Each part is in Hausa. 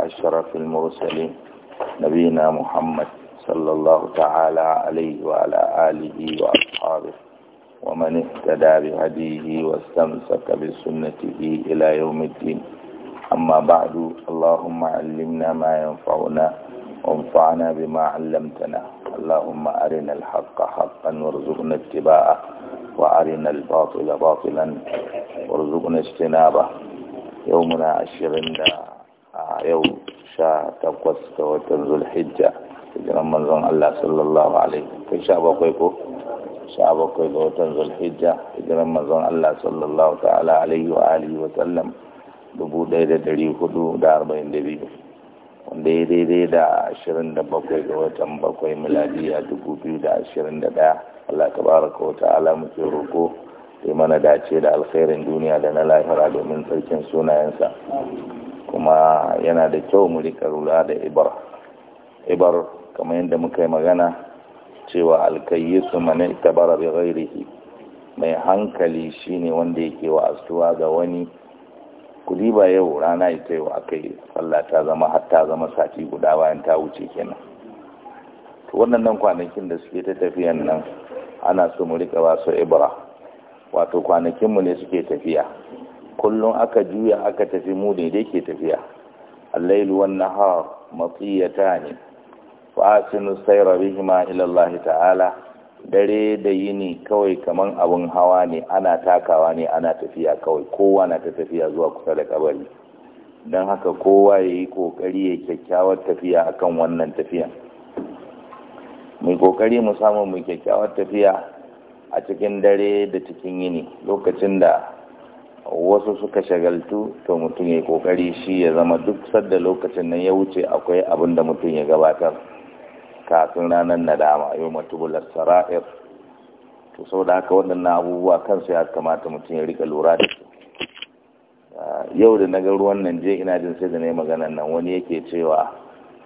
أشرف المرسلين نبينا محمد صلى الله تعالى عليه وعلى آله وأصحابه ومن اهتدى بهديه واستمسك بسنته إلى يوم الدين أما بعد اللهم علمنا ما ينفعنا وانفعنا بما علمتنا اللهم أرنا الحق حقا وارزقنا اتباعه وأرنا الباطل باطلا وارزقنا اجتنابه يومنا عشرين a yau sha takwas ga watan zulhijja jiran manzon Allah sallallahu alaihi kai sha bakwai ko sha bakwai ga watan zulhijja jiran manzon Allah sallallahu ta'ala alaihi wa alihi wa sallam dubu ɗaya da dari hudu da arba'in da biyu wanda ya daidai da ashirin da bakwai ga watan bakwai miladiya dubu biyu da ashirin da ɗaya Allah tabaraka wa ta'ala muke roƙo sai mana dace da alkhairin duniya da na lahira domin sarkin sunayensa kuma yana da kyau mu rika ruwa da ibar ibar kamar yadda muka yi magana cewa alkayyisu man ittabara bi ghairihi mai hankali shine wanda yake asuwa ga wani kudi ba yau rana ita yau akai sallah ta zama har ta zama sati guda bayan ta wuce kenan to wannan kwanakin da suke ta tafiyan nan ana so mu rika ba su ibra wato mu ne suke tafiya kullum aka juya aka tafi mu ne dai ke tafiya allailu wan nahar matiyatan fa asinu sayra bihima ila Allah ta'ala dare da yini kawai kaman abun hawa ne ana takawa ne ana tafiya kawai kowa na tafiya zuwa kusa da kabari dan haka kowa yayi kokari ya kyakkyawar tafiya akan wannan tafiyan mai kokari mu samu mu kyakkyawar tafiya a cikin dare da cikin yini lokacin da wasu suka shagaltu to mutum ya kokari shi ya zama duk sadda lokacin nan ya wuce akwai abin da mutum ya gabatar kafin ranar nadama yau matubular sara'ir to sau da haka waɗannan abubuwa kansu ya kamata mutum ya rika lura da su ah, yau da naga ruwan nan je ina jin sai da yi maganan nan wani yake cewa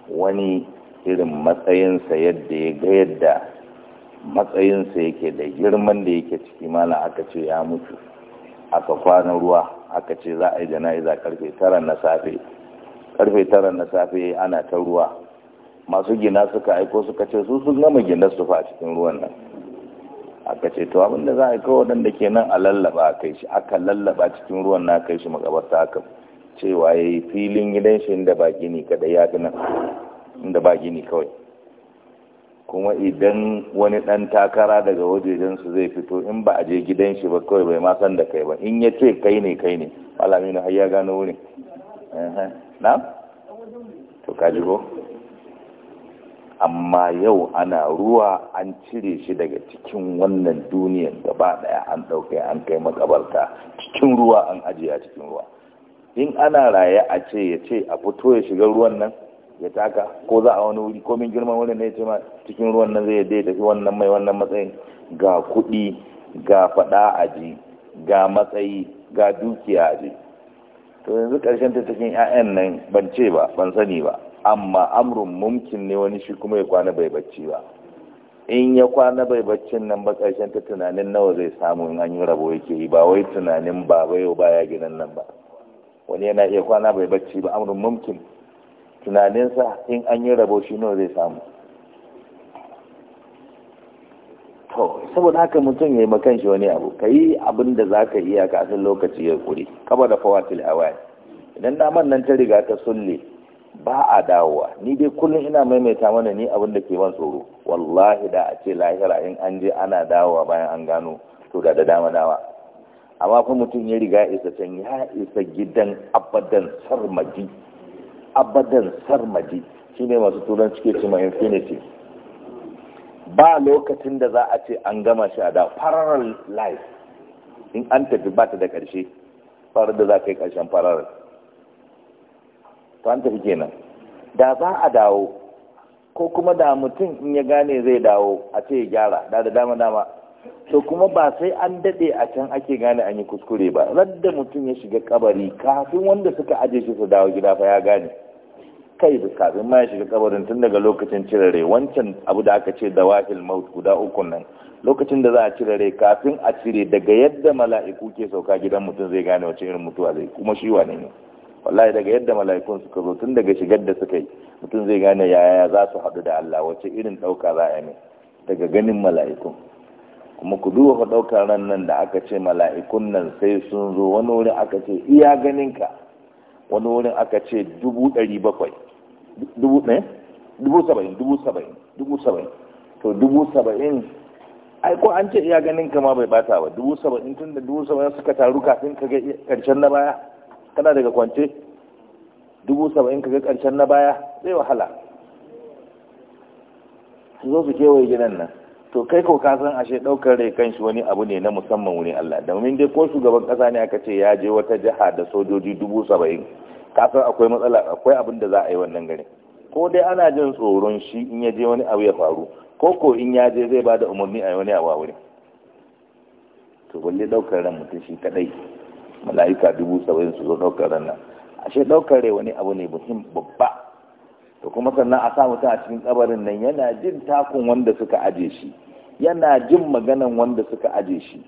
wani irin matsayinsa yadda ya ga yadda matsayinsa yake da girman da yake ciki mana aka ce ya mutu aka kwana ruwa aka ce za a yi jana'iza karfe tara na safe karfe tara na safe ana ta ruwa masu gina suka aiko suka ce su sun gama gina su fa cikin ruwan nan aka ce to abinda za a yi kawo wadanda ke nan a lallaba a kai shi aka lallaba cikin ruwan na kai shi makabarta aka cewa ya yi filin gidan shi inda ba gini inda ba gini kawai kuma idan wani ɗan takara daga wajejen su zai fito in ba a je gidan shi ba kawai bai ma san da kai ba in ya ce kai ne kai ne malami ne har ya gano wurin na to ka ko amma yau ana ruwa an cire shi daga cikin wannan duniyar gaba daya an ɗauke an kai makabarta cikin ruwa an ajiye a cikin ruwa in ana raye a ce ya ce a fito ya shiga ruwan nan ya taka ko za a wani wuri ko min girman wurin ne ce ma cikin ruwan nan zai dai tafi wannan mai wannan matsayin ga kuɗi ga faɗa ji ga matsayi ga dukiya a ji to yanzu ƙarshen ta cikin 'ya'yan nan ban ce ba ban sani ba amma amrun mumkin ne wani shi kuma ya kwana bai bacci ba in ya kwana bai baccin nan ba ƙarshen ta tunanin nawa zai samu in an yi rabo yake yi ba wai tunanin ba bai baya gidan nan ba wani yana iya kwana bai bacci ba amrun mumkin tunaninsa in an yi rabo shi nawa zai samu to saboda haka mutum ya yi makan shi wani abu ka yi abin da za ka iya kafin lokaci ya kuri kaba da fawatil hawaii idan daman nan ta riga ta sulle ba a dawowa ni dai kullum ina maimaita mana ni abin da ke man tsoro wallahi da a ce lahira in an je ana dawowa bayan an gano to da da dama dawa, amma kuma mutum ya riga isa can ya isa gidan abadan sarmadi Abadan, sarmadi shi ne masu turanci ke cima infinity ba lokacin da za a ce an gama shi a da parallel life in an tafi ba ta da ƙarshe farar da za ka yi ƙarshen parallel to an tafi kenan da za a dawo ko kuma da mutum in ya gane zai dawo a ce ya gyara da da dama dama to kuma ba sai an daɗe a can ake gane an yi kuskure ba radda mutum ya shiga kabari kafin wanda suka ajiye shi su dawo gida fa ya gane kai da kafin ma ya shiga kabarin tun daga lokacin cire rai wancan abu da aka ce da wahil maut guda uku nan lokacin da za a cire rai kafin a cire daga yadda mala'iku ke sauka gidan mutum zai gane wace irin mutuwa zai kuma shi wane ne wallahi daga yadda mala'ikun suka zo tun daga shigar da suka yi mutum zai gane yaya za su haɗu da Allah wace irin ɗauka za a ne daga ganin mala'ikun kuma ku duba fa ɗaukar ran nan da aka ce mala'ikun nan sai sun zo wani wurin aka ce iya ganinka wani wurin aka ce dubu ɗari bakwai dubu ne eh? dubu saba'in dubu saba'in dubu saba'in to dubu saba'in ai ko an ce iya ganin kama bai bata ba dubu saba'in tun da dubu saba'in suka taru kafin ka ga karshen na baya kana daga kwance dubu saba'in ka ga karshen na baya zai wahala su zo su kewaye gidan nan to kai ko ka san ashe daukar rai kanshi wani abu ne na musamman wurin Allah domin dai ko shugaban kasa ne aka ce ya je wata jiha da sojoji dubu saba'in kasar akwai matsala akwai abin da za a yi wannan gari ko dai ana jin tsoron shi in ya je wani abu ya faru ko ko in ya je zai bada umarni a wani abu a wurin to balle daukar ran mutum shi kadai mala'ika dubu saba'in su zo daukar ran nan ashe daukar rai wani abu ne muhim babba to kuma sannan a sa mutum a cikin kabarin nan yana jin takun wanda suka aje shi yana jin maganan wanda suka aje shi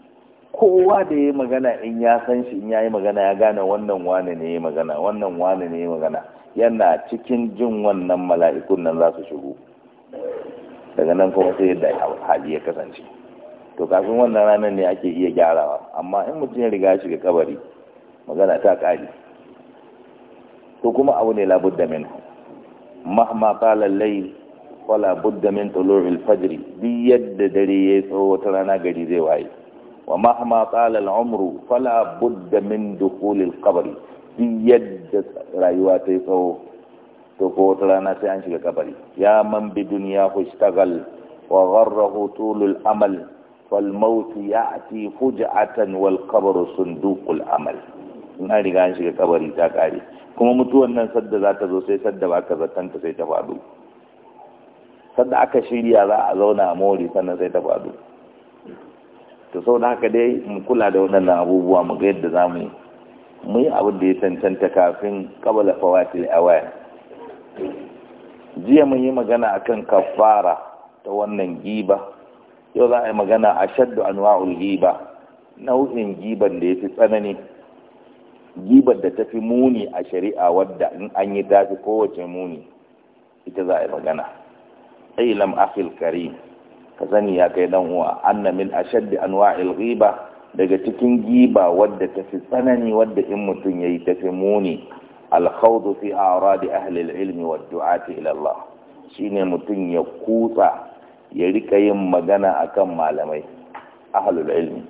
kowa da ya magana in ya san shi in ya yi magana ya gane wannan wane ne ya magana wannan wane ne ya magana yana cikin jin wannan mala'ikun nan za su shigo daga nan kuma sai yadda hali ya kasance to kafin wannan ranar ne ake iya gyarawa amma in mutum ya riga shiga kabari magana ta kari to kuma abu ne labudda min mahma qala layl wala budda min tulu'il fajr yadda dare ya tsawo wata rana gari zai waye wa mahama qala umru fala budda min dukhul al-qabr bi rayuwa ta yi tsawo to ko wata rana sai an shiga kabari ya man bi duniya ku shtagal wa gharrahu tul amal fal maut ya'ti fuj'atan wal qabr sunduq al-amal in an riga an shiga kabari ta kare kuma mutuwan nan sadda za ta zo sai sadda ba ka zartan ta sai ta faɗo sadda aka shirya za a zauna a mori sannan sai ta faɗo to sau da haka dai mu kula da waɗannan abubuwa mu ga yadda za mu yi abin da ya cancanta kafin kabala fawatil awaya jiya mun yi magana akan kafara ta wannan giba yau za a yi magana a shaddu anwa'ul giba nau'in giban da ya fi tsanani gibar da ta fi muni a shari'a wadda in an yi dafi kowace muni ita za a yi magana ailam akhil karim ka sani ya kai dan uwa anna min ashaddi anwa'il ghiba daga cikin giba wadda ta fi tsanani wadda in mutum yayi ta fi muni khawd fi aradi ahli ilmi wa du'ati ila Allah shine mutum ya kutsa ya rika yin magana akan malamai al ilmi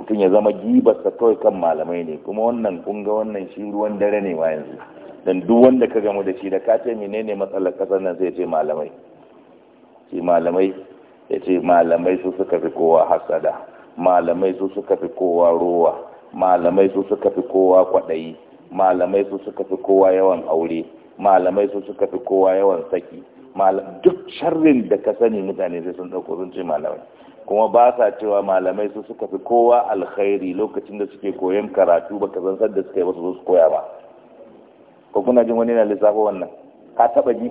mutum ya zama ta kawai kan malamai ne kuma wannan kun ga wannan shi ruwan dare ne wa yanzu dan duk wanda ka gamu da shi da ka ce menene matsalar kasar nan sai ce malamai shi malamai ya ce malamai su suka fi kowa hasada malamai su suka fi kowa ruwa malamai su suka fi kowa kwaɗayi malamai su suka fi kowa yawan aure malamai su suka fi kowa yawan saki duk sharrin da ka sani mutane sai sun dauko sun ce malamai kuma ba sa cewa malamai su suka fi kowa alkhairi lokacin da suke koyon karatu baka san sadda suka yi ba su zo su koya ba ko kuna jin wani na lissafo wannan ka taba ji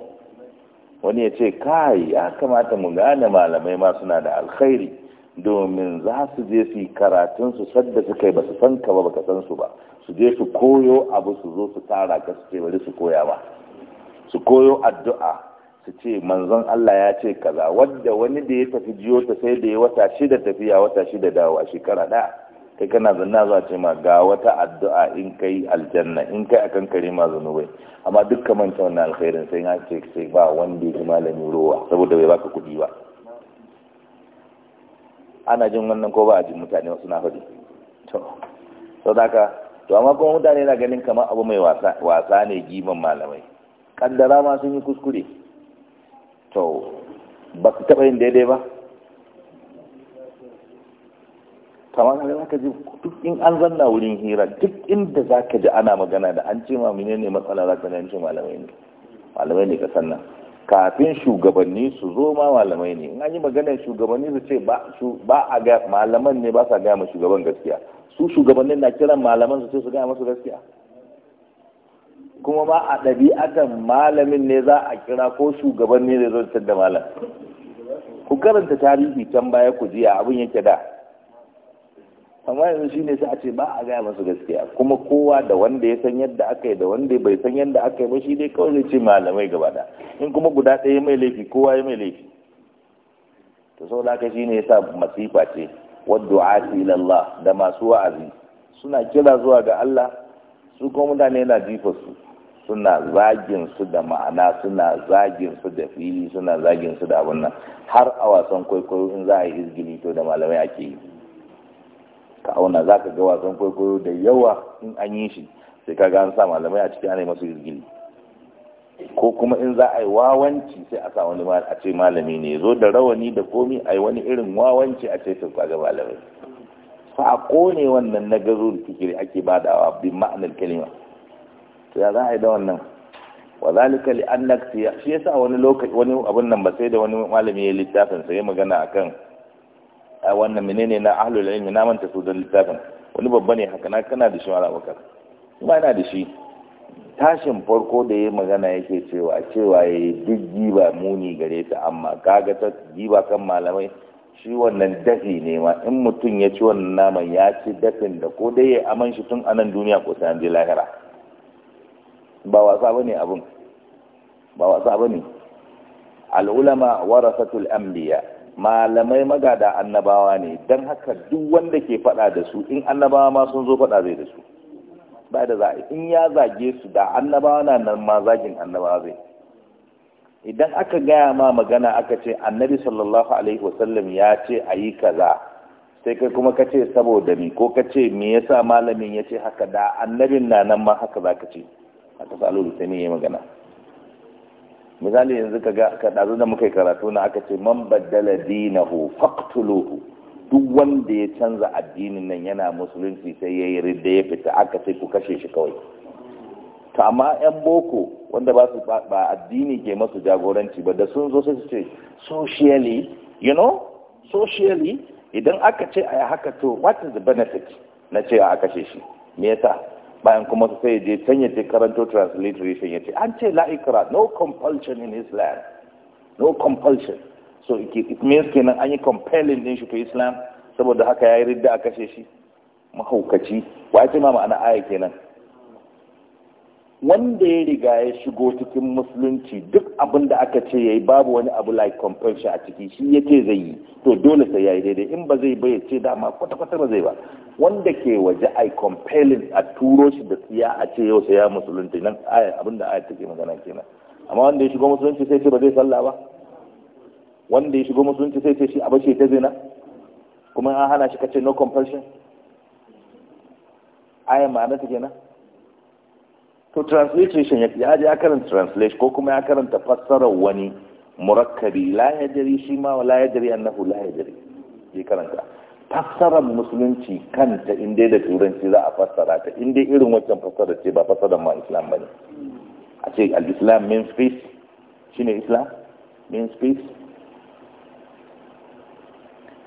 wani ya ce kai ya kamata mu gane malamai ma suna da alkhairi domin za su je su yi karatun su sadda su kai ba su san ka ba ba ka san su ba su je su koyo abu su zo su tara ka su ce bari su koya ba su koyo addu'a su ce manzon Allah ya ce kaza wadda wani da ya tafi jiyo ta sai da ya wata shida tafiya wata shida dawo a shekara daya kai kana zanna za ce ma ga wata addu'a in kai aljanna in kai akan kare ma zanubai amma dukkan manta wannan alkhairin sai ya ce sai ba wanda ya ni ruwa saboda bai baka kuɗi ba ana jin wannan ko ba a jin mutane wasu na faɗi to sau da to amma kuma mutane na ganin kamar abu mai wasa ne giman malamai kaddara ma sun yi kuskure to ba su taɓa yin daidai ba kamar da zaka ji duk in an zanna wurin hira duk inda zaka ji ana magana da an ce ma menene matsala za ka an ce malamai ne malamai ne kasan nan kafin shugabanni su zo ma malamai ne in an yi magana shugabanni su ce ba a ga malaman ne ba sa gaya ma shugaban gaskiya su shugabannin na kiran malaman su ce su gaya masu gaskiya kuma ma a ɗabi'atan malamin ne za a kira ko shugaban ne zai zo da malam ku karanta tarihi can baya ku jiya abin yake da amma yanzu shi ne sai a ce ba a gaya masu gaskiya kuma kowa da wanda ya san yadda aka yi da wanda bai san yadda aka yi ba shi dai kawai zai ce malamai gaba da in kuma guda ɗaya mai laifi kowa ya mai laifi to sau haka shi ne yasa masifa ce a ila lallah da masu wa'azi suna kira zuwa ga Allah su kuma mutane na jifa su suna zagin su da ma'ana suna zagin su da fili suna zagin su da abin nan har a wasan kwaikwayo in za a yi izgili to da malamai ake yi ka auna za ka ga wasan kwaikwayo da yawa in an yi shi sai ka ga an sa malamai a ciki ana yi masu izgili ko kuma in za a yi wawanci sai a sa wani a ce malami ne zo da rawani da komi a yi wani irin wawanci a ce sai kwaga malamai fa a kone wannan na gazo da fikiri ake badawa bi ma'anar kalima to ya za a yi da wannan wa zalika li annaka shi yasa wani lokaci wani abun nan ba sai da wani malami ya littafin sai magana akan wannan menene na ahlul ilmi na manta su don littafin wani babba ne haka na kana da shi mala bakar ba yana da shi tashin farko da ya magana yake cewa cewa ya yi duk giba muni gare ta amma kaga ta giba kan malamai shi wannan dafi ne ma in mutum ya ci wannan naman ya ci dafin da ko dai ya aman shi tun anan duniya ko sai lahira ba wasa bane abun ba wasa bane al ulama warasatul anbiya malamai magada annabawa ne don haka duk wanda ke fada da su in annabawa ma sun zo fada zai da su ba da za in ya zage su da annabawa na nan ma zagin annabawa zai idan aka gaya ma magana aka ce annabi sallallahu alaihi wasallam ya ce a yi kaza sai kai kuma kace ce saboda ni ko kace me yasa malamin ya ce haka da annabin na nan ma haka za ka ce haka salo da ya magana misali yanzu ka ga ka dazu da muka yi karatu na aka ce man baddala dinahu faqtuluhu duk wanda ya canza addinin nan yana musulunci sai yayi yi ridda ya fita aka ce ku kashe shi kawai to amma yan boko wanda ba su ba addini ke masu jagoranci ba da sun zo sai su ce socially you know socially idan aka ce a haka to what is the benefit na ce a kashe shi me yasa bayan kuma sai je can ya ce karanto transliteration ya ce an ce la'ikara no compulsion in islam no compulsion so it means kenan an yi compelling din shi to islam saboda haka ya yi ridda a kashe shi mahaukaci wa ya ce ma ma'ana aya kenan wanda ya riga ya shigo cikin musulunci duk abin da aka ce yayi babu wani abu like compulsion a ciki shi yake zai yi to dole sai yayi daidai in ba zai ba ce dama kwata kwata ba zai ba wanda ke waje ai compelling a turo shi da tsiya a ce yau sai ya musulunci nan aya abin da aya take magana kenan amma wanda ya shigo musulunci sai ce ba zai sallah ba wanda ya shigo musulunci sai ce shi a bace ta zina kuma an hana shi kace no compulsion aya ma'ana ta kenan to translation ya je ya karanta translation ko kuma ya karanta fassarar wani murakkabi la jari shi ma la jari annahu la jari ya karanta fassarar musulunci kanta in dai da turanci za a fassara ta in dai irin wancan fassarar ce ba fassarar ma islam bane a ce al-islam means peace shine islam means peace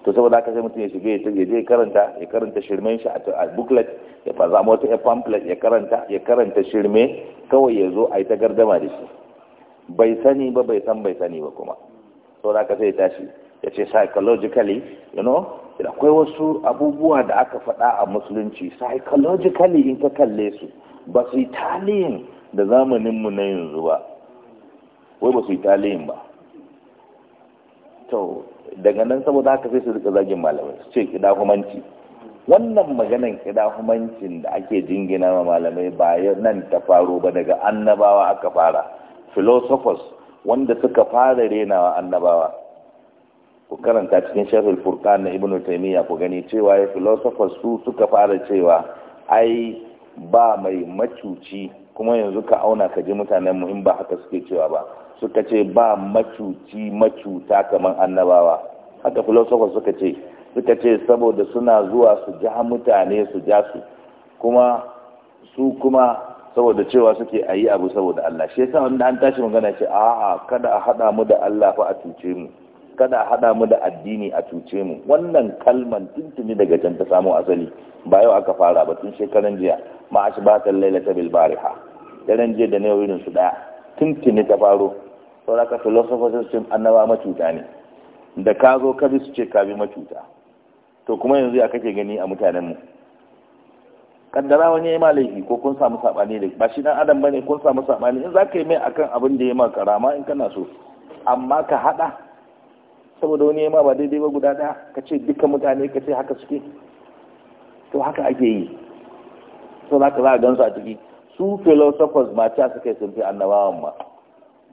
to saboda ka sai mutum ya shige ya je karanta ya karanta shirmen shi a booklet ya fa zama wata ya pamphlet ya karanta ya karanta shirme kawai ya zo a yi ta gardama da shi bai sani ba bai san bai sani ba kuma so da aka sai tashi ya ce psychologically you know akwai wasu abubuwa da aka faɗa a musulunci psychologically in ka kalle su ba su yi da da zamaninmu na yanzu ba wai ba su ba to daga nan saboda haka sai su rika zagin malamai su ce kidahumanci wannan maganan kidahumancin da ake jingina ma malamai ba nan ta faro ba daga annabawa aka fara philosophers wanda suka fara renawa annabawa ku karanta cikin shafin furqan na ibnu taymiya ku gani cewa ya philosophers su suka fara cewa ai ba mai macuci kuma yanzu ka auna ka ji mutanen mu in ba haka suke cewa ba suka ce ba macuci macuta kamar annabawa haka philosophers suka ce suka ce saboda suna zuwa su ja mutane su ja su kuma su kuma saboda cewa suke a yi abu saboda Allah shi yasa wanda an tashi magana ce a'a kada a haɗa mu da Allah fa a cuce mu kada a haɗa mu da addini a cuce mu wannan kalman tuntuni daga can ta samo asali ba yau aka fara ba tun shekaran jiya ma a ta lailata bil bariha daren jiya da na irin su daya tuntuni ta faro saboda ka filosofa sun annaba macuta ne da kazo zo ka bi su ce ka bi macuta to kuma yanzu ya kake gani a mutanenmu kaddara wani ya ma ko kun samu saɓani da ba shi dan adam bane kun samu saɓani in za ka yi mai akan abin da ya ma karama in kana so amma ka haɗa saboda wani ya ma ba daidai ba guda ɗaya ka ce dukkan mutane ka ce haka suke to haka ake yi to za ka za a gansu a ciki su philosophers mata suka yi sun fi annabawan ma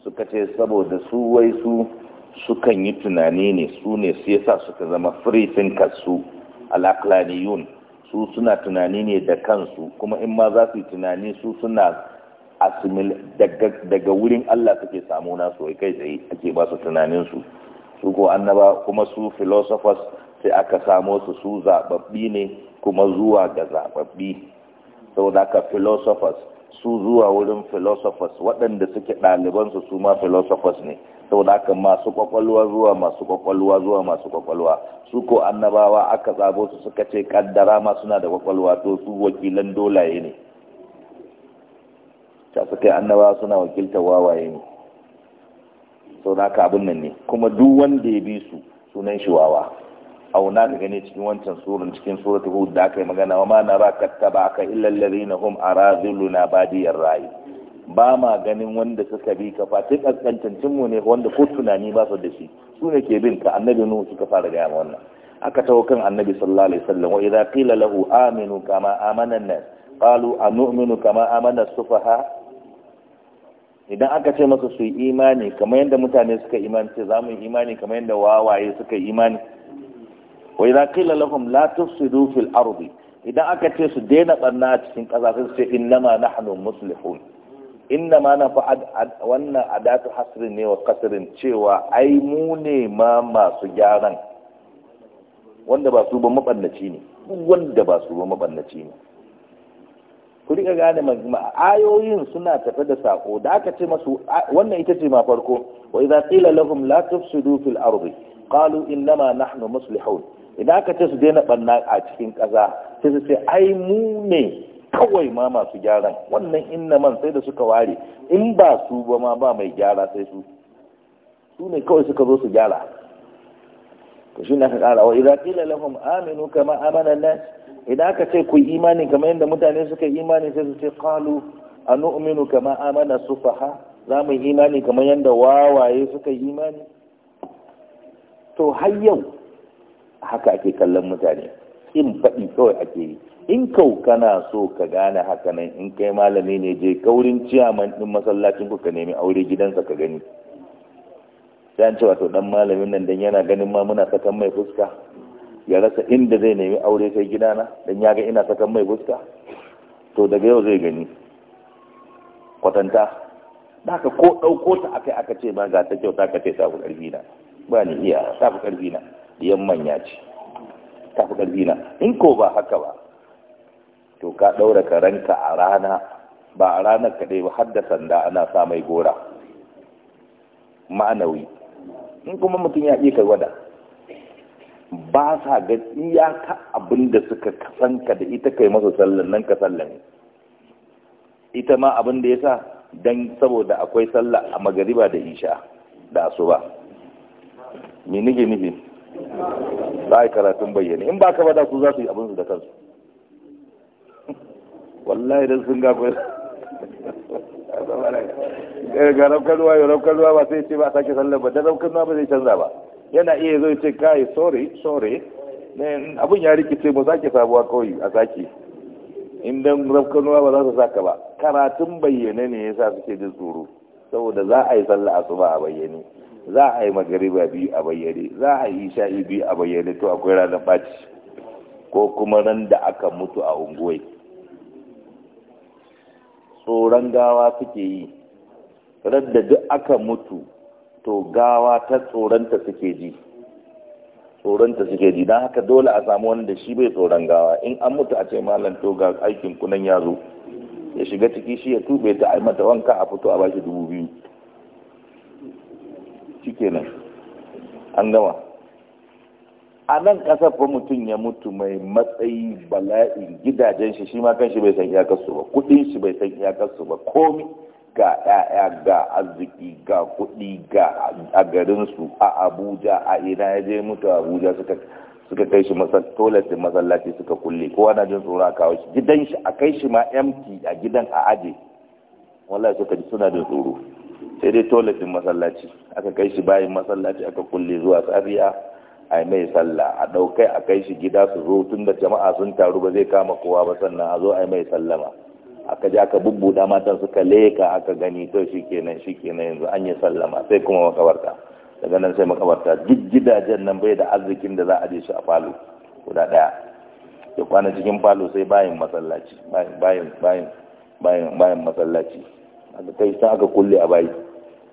suka ce saboda su wai su sukan yi tunani ne su ne su yasa suka zama free thinkers su alaklaniyun su suna tunani ne da kansu kuma in ma za su yi tunani su suna asimil daga wurin Allah suke samu nasu kai tsaye ake ba su tunaninsu su ko annaba kuma su philosophers sai aka samo su su zababbi ne kuma zuwa ga zababbi saboda aka philosophers su zuwa wurin philosophers waɗanda suke ɗalibansu su ma philosophers ne saboda haka masu kwakwalwa zuwa masu kwakwalwa zuwa masu kwakwalwa su ko annabawa aka tsabo su suka ce kaddara ma suna da kwakwalwa to su wakilan dolaye ne ta su kai annabawa suna wakiltar wawaye ne saboda haka abin nan ne kuma duk wanda ya bi su sunan shi wawa auna ka gani cikin wancan surun cikin surat hud da aka yi magana wa ma naraka ka illa na hum araziluna badiyar ra'i ba ma ganin wanda suka bi ka fatin kaskantancin mu ne wanda ko tunani ba su da shi su ne ke bin ka annabi nuhu suka fara gaya ma wannan aka tawo kan annabi sallallahu alaihi wasallam wa idza qila lahu aminu kama amana an-nas qalu anu'minu kama amana as-sufaha idan aka ce masa su yi imani kamar yadda mutane suka imani ce za mu yi imani kamar yadda wawaye suka yi imani wa idza qila lahum la tufsidu fil ardi idan aka ce su daina barna a cikin ƙasa sai su ce innama nahnu muslihun inna ma na fa wannan adatu hasrin ne wa kasirin cewa ai mu ne ma masu gyaran wanda ba su ba mabannaci ne wanda ba su ba mabannaci ne ku rika gane ayoyin suna tafe da sako da aka ce masu wannan ita ce ma farko wa idza qila lahum la tufsidu fil ardi qalu innama nahnu muslihun idan aka ce su daina banna a cikin kaza sai su ce ai mu ne kawai ma masu gyaran wannan inna man sai da suka ware in ba su ba ma ba mai gyara sai su su ne kawai suka zo su gyara ka shi ne aka kara wa idza qila lahum aminu kama amana an idan aka ce ku imani kamar yadda mutane suka imani sai su ce qalu anu'minu kama amana sufaha za mu imani kamar yadda wawaye suka imani to har yau haka ake kallon mutane in faɗi kawai ake yi in kau kana so ka gane haka nan in kai malami ne je kaurin ciyaman din masallacin ku ka nemi aure gidansa ka gani sai an ce wato dan malamin nan dan yana ganin ma muna sakan mai fuska ya rasa inda zai nemi aure sai gidana dan ya ga ina sakan mai fuska to daga yau zai gani kwatanta ka ko ɗauko ta akai aka ce ba ga ta kyau ka ce ta fi na ba ni iya ta na manya ce ta fi na in ko ba haka ba to ka ɗaura ranka a rana ba a ranar kaɗai ba har da sanda ana sa mai gora ma'anawi in kuma mutum ya ka gwada ba sa ga iyaka abin da suka kasanka da ita kai masa sallan nan ka sallan ita ma abin da ya sa don saboda akwai sallah a magariba da isha da asuba me nige nufi ba a yi karatun bayyane. in ba ka bada su za su yi abin su da kansu wallahi don sun gafi ga eh, rafkar ruwa yau rafkar ruwa ba sai ce ba a sake sallar ba da rafkar ruwa ba zai canza ba yana iya zo ce kai sorry sorry abun ya rikice mu sake sabuwa kawai a sake in dan rafkar ruwa ba za su saka ba karatun bayyane ne yasa suke jin tsoro saboda za a yi sallah asuba a bayyane za a yi magariba biyu a bayyane za a yi isha'i biyu a bayyane to akwai ranar baci ko kuma nan da aka mutu a unguwai tsoron gawa suke yi radda duk aka mutu to gawa ta tsoronta suke ji tsoronta suke ji don haka dole a samu wani da shi bai tsoron gawa in an mutu a ce malam to ga aikin kunan ya zo ya shiga ciki shi ya tube ta a mata wanka a fito a bashi dubu biyu shikenan an gama a nan kasar fa mutum ya mutu mai matsayi bala'in gidajen shi shi ma shi bai san iyakarsu ba kuɗin shi bai san iyakarsu ba komi ga ‘ya'ya ga arziki ga kuɗi ga a garinsu a abuja a ina ya je mutu a abuja suka kai shi tolatin masallaci suka kulle kowa na jin tsoron a kawo shi gidan shi a kai shi ma yamki a gidan a aje wallahi suka ji suna jin tsoro sai dai tolatin masallaci aka kai shi bayan masallaci aka kulle zuwa tsariya a mai sallah a ɗaukai a kai shi gida su zo tun da jama'a sun taru ba zai kama kowa ba sannan a zo a mai sallama aka ji aka bubbuda matan suka leka aka gani to shi kenan shi kenan yanzu an yi sallama sai kuma makabarta daga nan sai makabarta duk gidajen nan bai da arzikin da za a je shi a falo guda ɗaya ya kwana cikin falo sai bayan masallaci bayan bayan bayan bayan masallaci aka kai sai aka kulle a bayi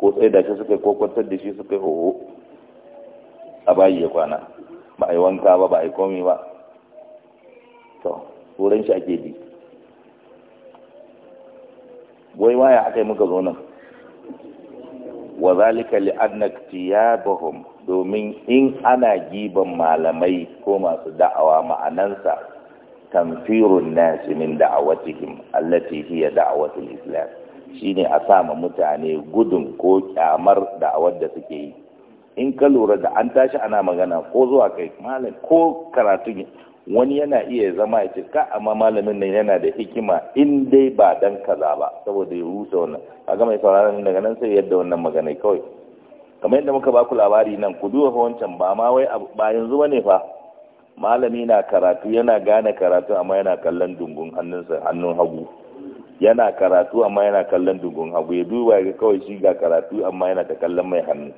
ko tsaye da shi suka ko da shi suka yi hoho a bayi ya kwana ba a yi wanka ba ba a yi komi ba to wurin shi ake bi wai waya aka yi muka zo nan wa zalika li annaktiyabuhum domin in ana giban malamai ko masu da'awa ma'anansa tamfirun nasi min da'awatihim allati hiya da'watul islam shine a sama mutane gudun ko kyamar da'awar da suke yi in ka lura da an tashi ana magana ko zuwa kai malam ko karatu wani yana iya zama ya ce ka amma malamin nan yana da hikima in dai ba dan kaza ba saboda ya rusa wannan kaga mai sauraron daga nan sai yadda wannan magana kawai kamar yadda muka baku labari nan ku duba wancan ba ma wai ba yanzu bane fa malami na karatu yana gane karatu amma yana kallon dungun hannunsa hannun hagu yana karatu amma yana kallon dungun hagu ya duba ga kawai shi ga karatu amma yana ta kallon mai hannu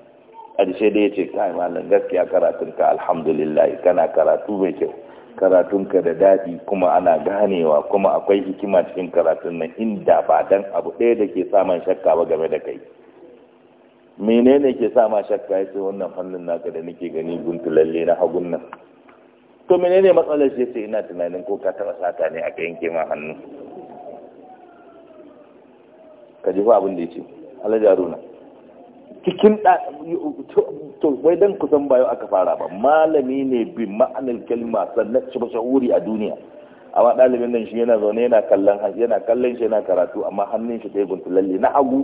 ƙarshe da ya ce kai malam gaskiya karatun ka alhamdulillah kana karatu mai kyau karatun ka da daɗi kuma ana ganewa kuma akwai hikima cikin karatun nan inda ba dan abu ɗaya da ke saman shakka ba game da kai menene ke sama shakka ya wannan fannin naka da nake gani lalle na hagun nan to menene matsalar shi sai ina tunanin ko ka taɓa sata ne aka yanke ma hannu ka ji fa abin da ya ce alhaji haruna cikin to wai dan kusan bayo aka fara ba malami ne bi ma'anar kalma sannan shi shahuri a duniya amma ɗalibin nan shi yana zaune yana kallon yana kallon shi yana karatu amma hannun shi sai guntu lalle na hagu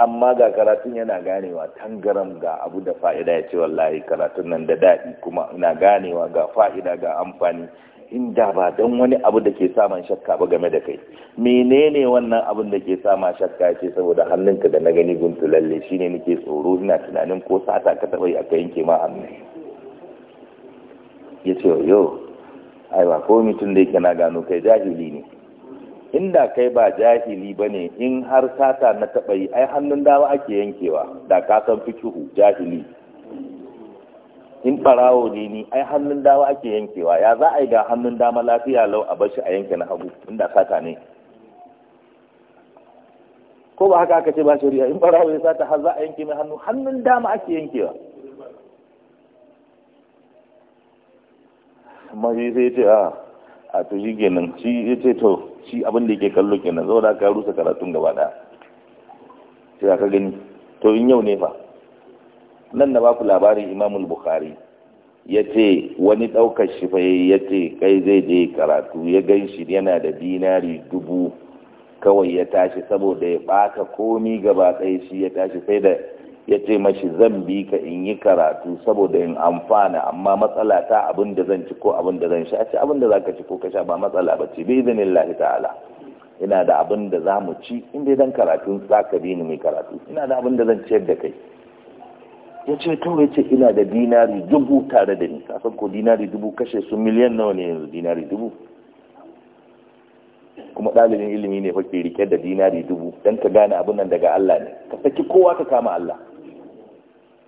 amma ga karatun yana ganewa tangaram ga abu da fa'ida ya ce wallahi karatun nan da daɗi kuma na ganewa ga fa'ida ga amfani inda ba don wani abu da ke saman shakka ba game da kai menene wannan abin da ke sama shakka ce saboda hannunka da na gani guntulalle shine nake tsoro ina tunanin ko sata ka taɓa yi aka yanke ma hannu ya ce yo ai ba ko mutum da yake na gano kai jahili ne inda kai ba jahili ba ne in har sata na taɓa yi ai hannun dama ake yankewa da ka san fikihu jahili in ɓarawo ne ni ai hannun dama ake yankewa ya za a yi ga hannun dama lafiya lau a bashi a yanke na hagu inda sata ne ko ba haka aka ce ba shari'a in ɓarawo ya sata har za a yanke mai hannu hannun dama ake yankewa amma shi sai ce a to shi kenan shi ya ce to shi abin da yake kallo kenan zo da ka rusa karatun gaba ɗaya sai ka gani to in yau ne fa nan na baku labarin imamul bukhari ya ce wani ɗaukar shi fa ya ce kai zai je karatu ya gan yana da dinari dubu kawai ya tashi saboda ya ɓata komi gaba kai shi ya tashi sai da ya ce mashi zan bi ka in yi karatu saboda in amfana amma matsala ta abin zan ci ko abin zan sha ce abin da za ka ci ko ka sha ba matsala ba ce bai izinin lahi ta'ala ina da abin da za mu ci inda dan karatu za ka bi mai karatu ina da abinda zan ciyar da kai ya ce kawai ce ina da dinari dubu tare da ni kasan ko dinari dubu kashe su miliyan nawa ne yanzu dinari dubu kuma ɗalibin ilimi ne fafi rike da dinari dubu don ka gane abin nan daga Allah ne ka saki kowa ka kama Allah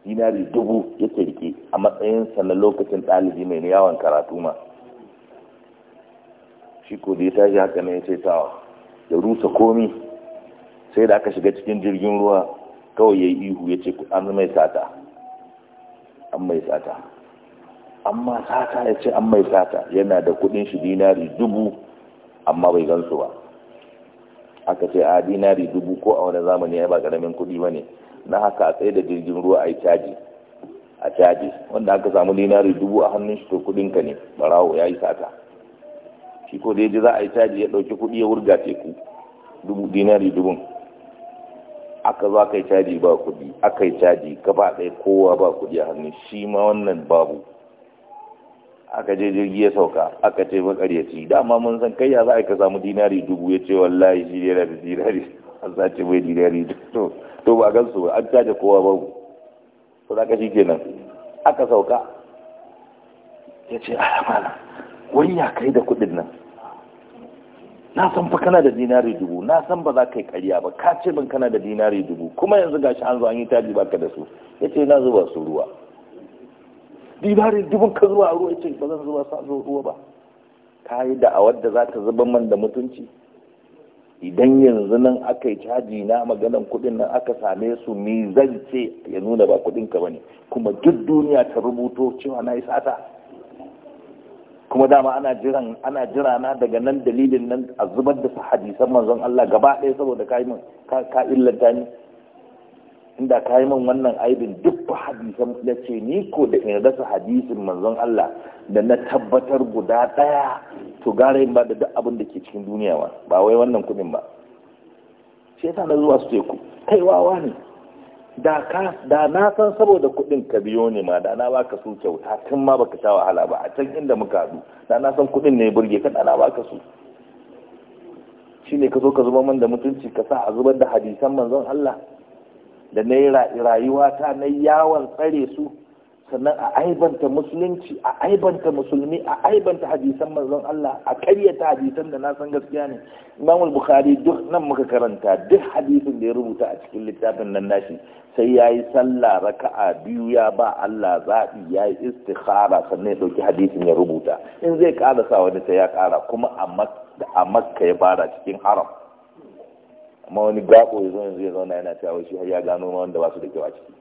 dinari dubu yake rike a matsayinsa na lokacin ɗalibi mai yawon karatu ma shi ko da ya tashi haka ne ya ce tawa ya rusa komi sai da aka shiga cikin jirgin ruwa kawai ya yi ihu ya ce an mai sata an mai sata amma sata ya ce an mai sata yana da kudin shi dinari dubu amma bai gansu ba aka ce a dinari dubu ko a wani zamani ya ba karamin kudi ba ne na haka a tsaye da jirgin ruwa a yi caji a caji wanda aka samu dinari dubu a hannun shi to kudinka ne barawo ya yi sata shi ko da ya ji za a yi caji ya ɗauki kudi ya wurga teku dubu dinari dubun aka za ka yi caji ba kuɗi aka yi caji gaba ɗaya kowa ba kuɗi a hannun shi ma wannan babu aka je jirgi ya sauka aka ce makaryaci dama mun san kai ya za a ka samu dinari dubu ya ce wallahi shi yana da dinari an sace mai dinari to to ba gan su an caje kowa babu to ka shi kenan aka sauka ya ce a ah, wani ya kai da kuɗin nan na san fa kana da dinari dubu na san ba za ka yi ƙarya ba ka ce min kana da dinari dubu kuma yanzu ga shi an zo an yi taji baka da su ya ce na zuba su ruwa dinari dubu ka zuba ruwa ce ba zan zuba su ruwa ba ka yi awar da za ka zuba man da mutunci idan yanzu nan aka yi caji na maganan kuɗin nan aka same su ni zan ce ya nuna ba kuɗin ka bane kuma duk duniya ta rubuto cewa na yi sata kuma dama ana jiran ana jira na daga nan dalilin nan a zubar da su hadisan manzon Allah gaba ɗaya saboda ka min ka illanta ni inda ka yi min wannan aibin duk hadisan na ce ni ko da in rasa hadisin manzon Allah da na tabbatar guda ɗaya to gara ba da duk abin da ke cikin duniya ba ba wai wannan kuɗin ba shi yasa na zuwa su teku kai wawa ne da na san saboda kuɗin ka biyo ne ma da na baka su kyauta tun ma baka sha wahala ba a can inda muka haɗu da na san kuɗin ne burge ka da na baka su ne ka zo ka zuba man da mutunci ka sa a zubar da hadisan manzon Allah da na yi rayuwa ta na yawon tsare su sannan a aibanta musulunci a aibanta musulmi a aibanta hadisan manzon Allah a karyata hadisan da na san gaskiya ne Imam Bukhari duk nan muka karanta duk hadisin da ya rubuta a cikin littafin nan nashi sai yayi sallah raka'a biyu ya ba Allah zabi yayi istikhara sannan ya dauki hadisin ya rubuta in zai ƙara sa wani ta ya kara kuma a Makka ya fara cikin haram amma wani gabo ya zo yanzu ya zauna yana cewa shi har ya gano ma wanda ba su da kyau a ciki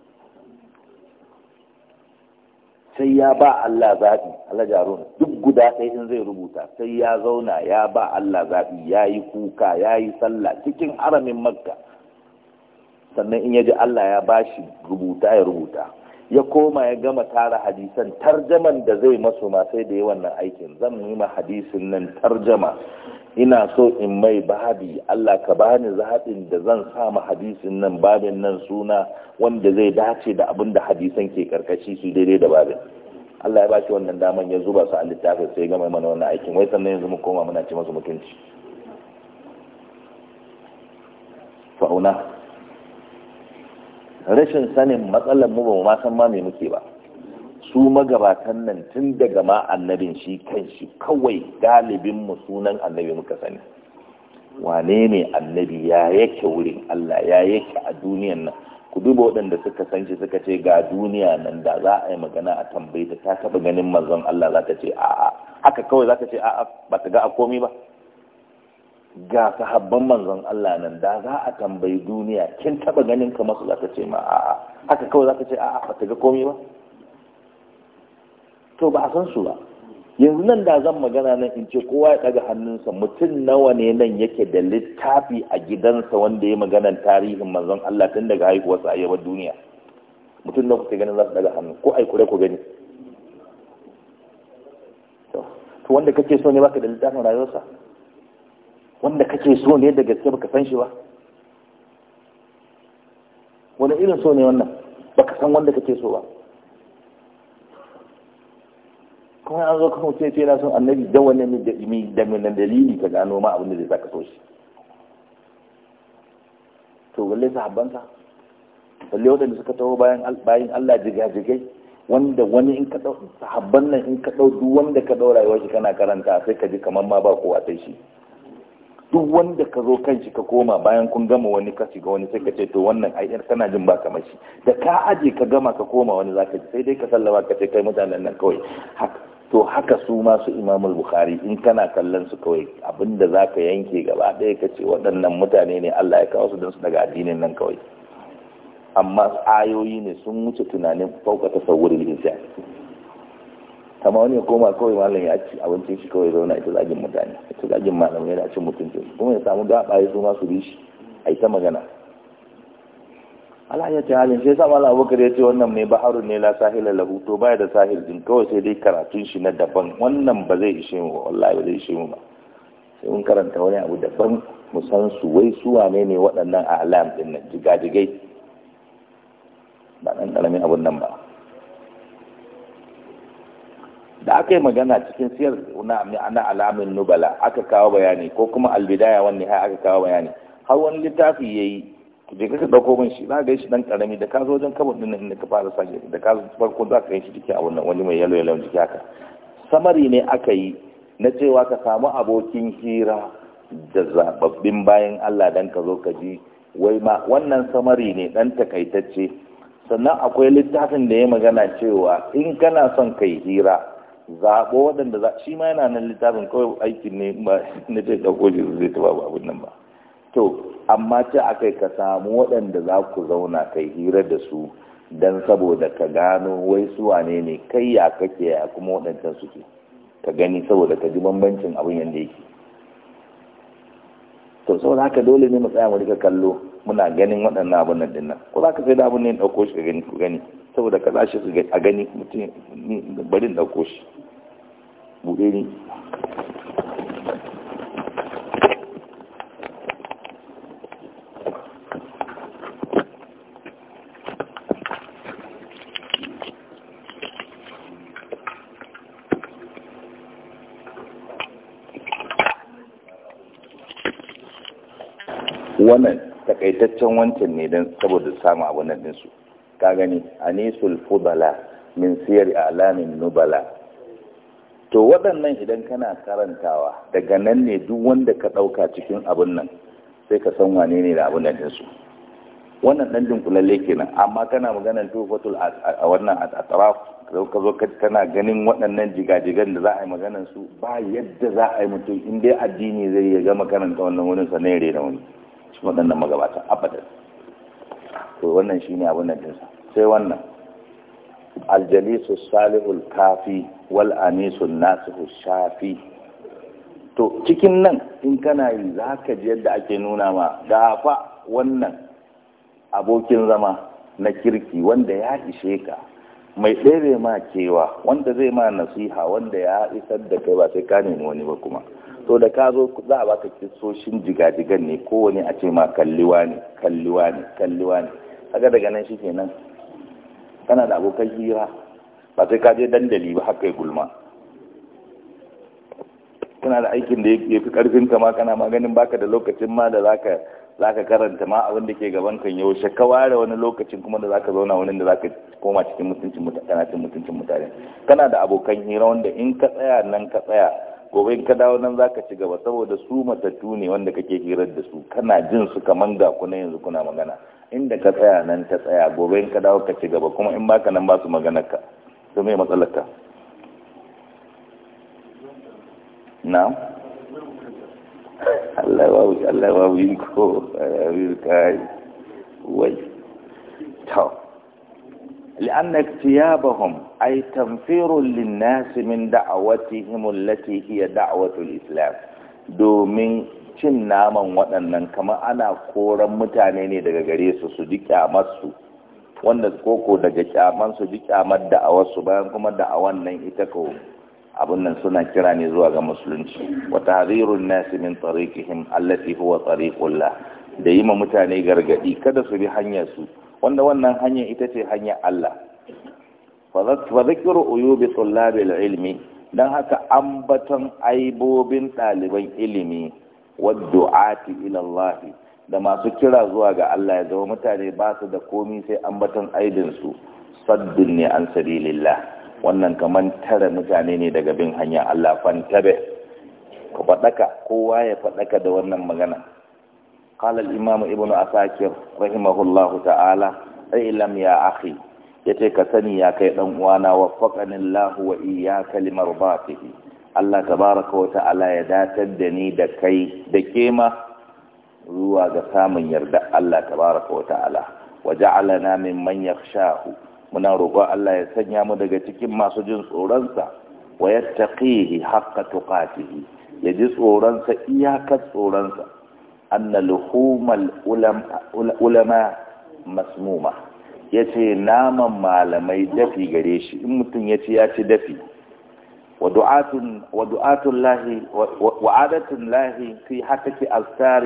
sai ya ba Allah zaɓi Allah jaruna duk guda ɗaya in zai rubuta sai ya zauna ya ba Allah zaɓi ya yi kuka ya yi sallah cikin haramin makka sannan in ya ji Allah ya ba shi rubuta ya rubuta ya koma ya gama tara hadisan tarjaman da zai masu ma sai da yi wannan aikin zan yi ma hadisin nan tarjama ina so in mai babi Allah ka bani zaɓin da zan sa ma hadisin nan babin nan suna wanda zai dace da abin da hadisan ke karkashi su daidai da babin Allah ya ba shi wannan daman ya zuba su a littafi sai gama mana wannan aikin wai sannan yanzu mu koma muna ci masu mutunci fa'una rashin sanin matsalar mu ba mu ma san ma me muke ba su magabatan nan tun daga ma annabin shi kan shi kawai galibin mu sunan annabi muka sani wane ne annabi ya yake wurin Allah ya yake a duniyan nan ku duba waɗanda suka san shi suka ce ga duniya nan da za a yi magana a tambayi ta ta taɓa ganin manzon Allah za ta ce a'a haka kawai za ta ce a'a ba ta ga a komi ba ga sahabban manzon Allah nan da za a tambayi duniya kin taba ganin ka masu zaka ce ma a'a haka kawai zaka ce a'a ba ta ga komai ba to ba a san su ba yanzu nan da zan magana nan in ce kowa ya daga hannunsa mutum nawa ne nan yake da littafi a gidansa wanda ya maganar tarihin manzon Allah tun daga haihuwarsa a yawa duniya mutum nawa kuke ganin za su daga hannu ko ai kure ku gani to wanda kake so ne baka da littafin rayuwarsa wanda kake so ne da gaske baka san shi ba wani irin so ne wannan baka san wanda kake so ba kuma an zo ka mutu ce na son annabi da ne da mai dalili ka gano ma abin da zai saka so shi to balle sahabbansa balle wadanda suka taho bayan bayan Allah jigajigai wanda wani in ka dau sahabban nan in ka dau duk wanda ka dau rayuwar shi kana karanta sai ka ji kamar ma ba kowa sai shi duk wanda ka zo kan shi ka koma bayan kun gama wani ka shiga wani sai ka ce to wannan ai yar kana jin ba kamar da ka aje ka gama ka koma wani zaka ji sai dai ka sallama ka ce kai mutanen nan kawai haka to haka su masu imamul bukhari in kana kallon su kawai abinda zaka yanke gaba ɗaya ka ce waɗannan mutane ne Allah ya kawo su don su daga addinin nan kawai amma ayoyi ne sun wuce tunanin fauka tasawurin insan kama wani ya koma kawai malam ya ci abincin shi kawai zauna ita zagin mutane ita zagin malam yana cin mutuncin kuma ya samu gaba ya su masu bi shi a ita magana ala ta halin shi sama Allah Abubakar ya ce wannan mai baharu ne la sahila lahu to baya da sahil din kawai sai dai karatun shi na daban wannan ba zai ishe mu wallahi ba zai ishe mu ba sai mun karanta wani abu daban mu san su wai su wane ne waɗannan a'lam din nan jigajigai ba ɗan ƙaramin abun nan ba da aka yi magana cikin siyar na alamin nubala aka kawo bayani ko kuma albidaya wani ha aka kawo bayani har wani littafi ya yi je ka dauko min shi na ga shi dan karami da ka zo wajen kabon inda ka fara sa da ka farko za ka yi shi jiki a wannan wani mai yalo yalo jiki haka samari ne aka yi na cewa ka samu abokin hira da zababbin bayan Allah dan ka zo ka ji wai ma wannan samari ne dan takaitacce sannan akwai littafin da ya magana cewa in kana son kai hira zaɓo waɗanda za shi ma yana nan littafin kawai aikin ne ba na ce ɗauko shi zai ta babu abin nan ba to amma ce akai ka samu waɗanda za ku zauna kai hira da su don saboda ka gano wai su wane ne kai ya kake ya kuma waɗancan suke ka gani saboda ka ji bambancin abin yadda yake to saboda haka dole ne mu tsaya mu rika kallo muna ganin waɗannan abin nan dinnan ko za ka sai da abin ne ɗauko shi ka gani ku gani saboda ka zashi a gani mutum barin dauko shi buɗe ni wannan takaitaccen wancan ne don saboda samun abu ɗinsu ka gani anisul fudala min siyar alamin nubala to waɗannan idan kana karantawa daga nan ne duk wanda ka ɗauka cikin abin nan sai ka san wane ne da abin da ɗinsu wannan ɗan dunkulalle kenan amma kana maganar tufatul a wannan atraf ka zo kana ganin waɗannan jigajigan da za a yi maganar su ba yadda za a yi mutum in dai addini zai ya gama karanta wannan wurin sa ne rena wani waɗannan magabata abadan to wannan ne abin da sa sai wannan aljalisu salihul kafi wal anisu nasihu shafi to cikin nan in kana yi za ka ji yadda ake nuna ma gafa wannan abokin zama na kirki wanda ya ishe ka mai ɗere ma kewa wanda zai ma nasiha wanda ya isar da kai ba sai ka nemi wani ba kuma to da ka zo za a baka kisoshin jigajigan ne kowane a ce ma kalliwa ne kalliwa ne kalliwa ne kaga daga nan shi shikenan kana da abokan hira ba sai ka je dandali ba haka ya gulma kana da aikin da ya fi karfin ka ma kana maganin baka da lokacin ma da zaka zaka karanta ma abin da ke gaban kan yau ka ware wani lokacin kuma da zaka zauna wani da zaka koma cikin mutuncin mutane cikin mutuncin mutane kana da abokan hira wanda in ka tsaya nan ka tsaya gobe in ka dawo nan zaka ci gaba saboda su matattu ne wanda kake hirar da su kana jin su kaman ga kuna yanzu kuna magana inda ka tsaya nan ta tsaya gobe in ka dawo ka ci gaba kuma in baka nan ba su maganar ka to me matsalar ka na Allah ya wawu Allah wa wawu yin ko ayyabil kai wai to لأن اكتيابهم أي تنفير للناس من دعوتهم التي هي دعوة الإسلام دومين cin naman waɗannan kamar ana koran mutane ne daga gare su su ji kyamarsu wanda koko daga kyaman su ji kyamar da'awarsu bayan kuma da'awan nan ita ko abin nan suna kira ne zuwa ga musulunci wa tahzirun nasi min tariqihim allati huwa tariqullah da yi ma mutane gargadi kada su bi hanyar su wanda wannan hanyar ita ce hanyar Allah fa zakiru uyubi tullabil ilmi dan haka ambaton aibobin ɗaliban ilimi waddu'ati ila Allah da masu kira zuwa ga Allah ya zama mutane ba su da komi sai an ambaton aidin su saddun ne an sabilillah wannan kaman tara mutane ne daga bin hanya, Allah fantabe ka fadaka kowa ya faɗaka da wannan magana qala al-imam ibnu asakir rahimahullahu ta'ala ai lam ya akhi yace ka sani ya kai dan uwana waffaqani Allah wa iyyaka limarbatihi Allah tabaraka wa ta'ala ya datar da ni da kai da kema zuwa ga samun yarda Allah tabaraka wa ta'ala wa ja'alana mimman yakhshahu muna roƙon Allah ya sanya mu daga cikin masu jin tsoronsa wa yattaqihi haqqa tuqatihi ya ji tsoronsa iyakar tsoronsa anna luhumal ulama masmuma yace naman malamai dafi gare shi in mutum yace ya ci dafi وَدُعَاتُ اللَّهِ وَعَادَةُ اللَّهِ فِي حَتَكِ أَلْتَارِ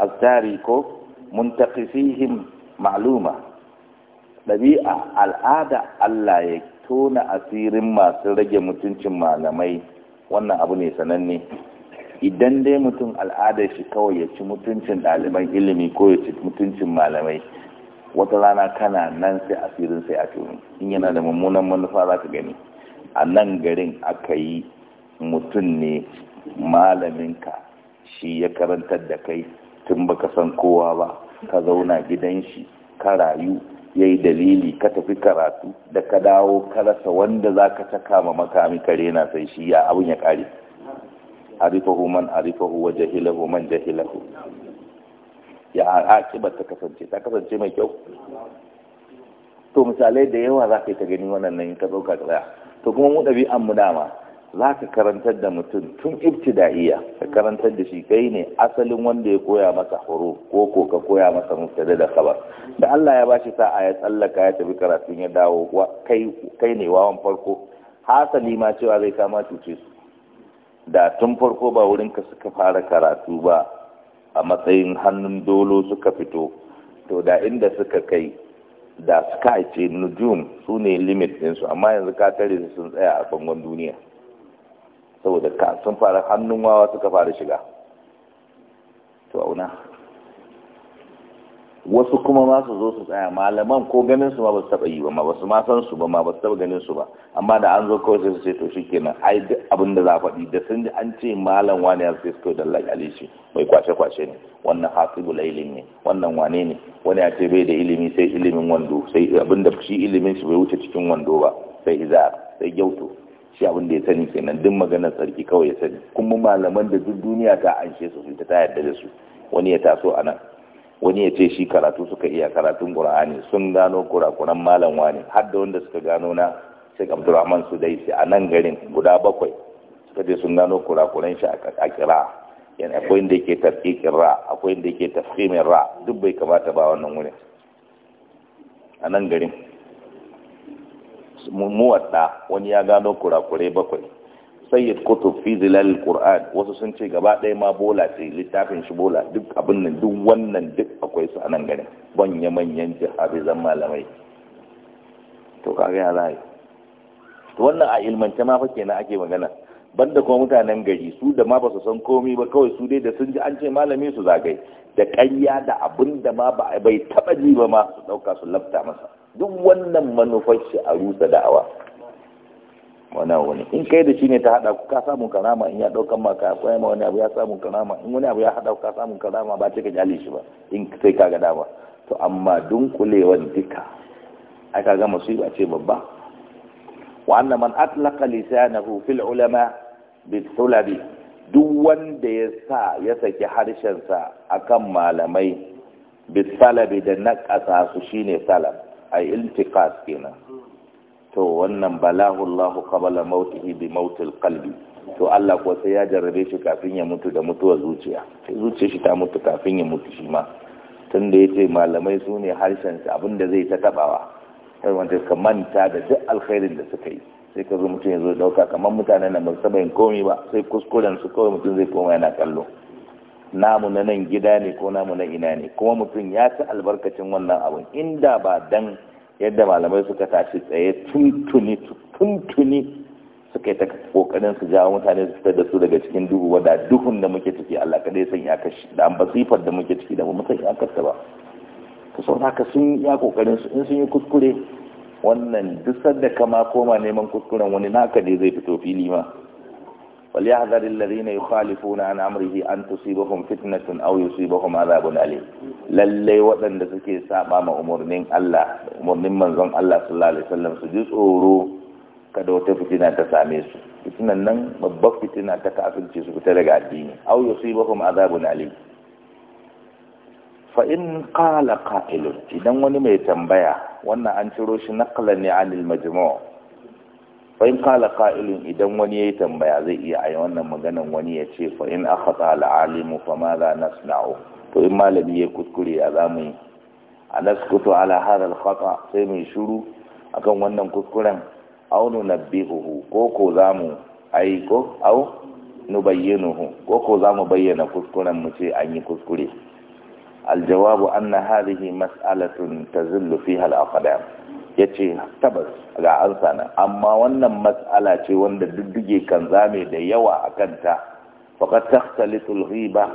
أَلْتَارِكُ مُنْتَقِفِيهِمْ ma'aluma? ɗabi'a al'ada Allah ya tona asirin masu rage mutuncin malamai wannan abu ne sananne idan dai mutum al'adar shi kawai ya ci mutuncin ɗaliban ilimi ko ya ci mutuncin malamai wata rana kana nan sai asirin sai a tuni in yana da mummunan manufa za ka gani a nan garin aka yi mutum ne malaminka shi ya karantar da kai tun baka san kowa ba ka zauna gidan shi ka rayu ya yi dalili ka tafi karatu da ka dawo karasa wanda za ka ta ma makami kare na sai shi ya abin ya kare arifahu man arifahu wa jahilahu man jahilahu ya ba ta kasance ta kasance mai kyau to misalai da yawa za ka yi ta gani wannan nan ka zo ka tsaya to kuma mu ɗabi'an mu dama za ka karantar da mutum tun ibtida'iya ka karantar da shi kai ne asalin wanda ya koya masa horo ko ko ka koya masa mubtada da khabar da Allah ya bashi sa'a ya tsallaka ya tafi karatu ya dawo kai kai ne wawan farko hasali ma cewa zai kama cuce su da tun farko ba wurin ka suka fara karatu ba a matsayin hannun dolo suka fito to da inda suka kai da sky ce nujum su ne limit ɗinsu amma yanzu ka su sun tsaya a bangon duniya saboda ka sun fara hannun wawa suka fara shiga to auna wasu kuma ma su zo su tsaya malaman ko ganin su ma ba su taba yi ba ma ba su ma san su ba ma ba su taba ganin su ba amma da an zo kawai sai su ce to shikenan ai duk abin da za a faɗi da sun an ce malam wani ya sai da Allah alishi mai kwace kwace ne wannan hasibu la ne wannan wane ne wani ya ce bai da ilimi sai ilimin wando sai abin da shi ilimin shi bai wuce cikin wando ba sai iza sai gyautu shi abin da ya sani kenan duk maganar sarki kawai ya sani kuma malaman da duk duniya ta anshe su ta yarda da su wani ya taso a nan wani ya ce shi karatu suka iya karatun qur'ani sun gano kurakuran malam wani har da wanda suka gano na Sheikh Abdulrahman Sudaisi a nan garin guda bakwai suka je sun gano kurakuran shi a kira yana akwai inda yake tarkikin ra akwai inda yake tafhimin ra duk bai kamata ba wannan wurin a nan garin wata wani ya gano kurakurai bakwai sayyid kutub fi zilal qur'an wasu sun ce gaba ɗaya ma bola ce littafin shi bola duk abin nan duk wannan duk akwai su a nan gani manya manyan zan malamai to kaga ya yi to wannan a ilmance ma fa kenan ake magana banda kuma mutanen gari su da ma ba su san komai ba kawai su dai da sun ji an ce malami su zagaye da ƙarya da abin da ma ba bai taɓa ji ba ma su ɗauka su lafta masa duk wannan manufar shi a rusa da'awa wani wani in kai da shi ne ta hada ku ka samu karama in ya daukan maka akwai ma wani abu ya samu karama in wani abu ya hada ku ka samu karama ba ce ka jali shi ba in sai ka ga dama to amma dunkulewan duka a ka yi musiba ce babba wa anna man atlaqa lisanahu fil ulama bil duk wanda ya sa ya saki harshen sa akan malamai bil salabi da naqasa su shine salab ai iltiqas kenan to wannan balahu Allahu qabala mautihi bi mautil qalbi to Allah ko sai ya jarrabe shi kafin ya mutu da mutuwar zuciya sai zuciyar shi ta mutu kafin ya mutu shi ma tunda yace malamai su ne harshen su abinda zai ta tabawa sai wanda ka manta da duk alkhairin da suka yi sai ka zo mutum ya zo dauka kamar mutanen nan ba su taba yin komai ba sai kuskuren su kawai mutum zai koma yana kallo namu na nan gida ne ko namu na ina ne kuma mutum ya ci albarkacin wannan abun inda ba dan yadda malamai suka tashi tsaye tuntuni tuntuni suka yi ta kokarin su jawo mutane su fitar da su daga cikin duhu wadda duhun da muke ciki Allah kadai san ya kashi da an basifar da muke ciki da mu san ya kasta ba to sau haka sun ya kokarin su in sun yi kuskure wannan duk da kama koma neman kuskuren wani naka ne zai fito fili ma وليحذر الذين يخالفون عن امره ان تصيبهم فتنه او يصيبهم عذاب اليم lalle waɗanda suke saba ma umarnin Allah umarnin manzon Allah sallallahu alaihi wasallam su ji tsoro kada wata fitina ta same su fitinan nan babbar fitina ta kafirce su fita daga addini aw yusibahum azabun alim fa in qala qa'ilun idan wani mai tambaya wannan an ciro shi naqlan ne anil majmu' fa'in kala ka'ilun idan wani ya yi tambaya zai iya a wannan maganan wani ya ce fa'in aka tsala alimu fa ma za na sana'o. to in malami ya kuskure a za mu yi a naskutu ala harar khata sai mu shuru akan wannan kuskuren au nu bihuhu ko ko za mu ai au nu ko ko za mu bayyana kuskuren mu ce an yi kuskure aljawabu anna hadhihi mas'alatun tazillu fiha al-aqdam ya ce tabbas ga ansa nan amma wannan matsala ce wanda diddige kan zame da yawa a kanta faƙar taktalitul riba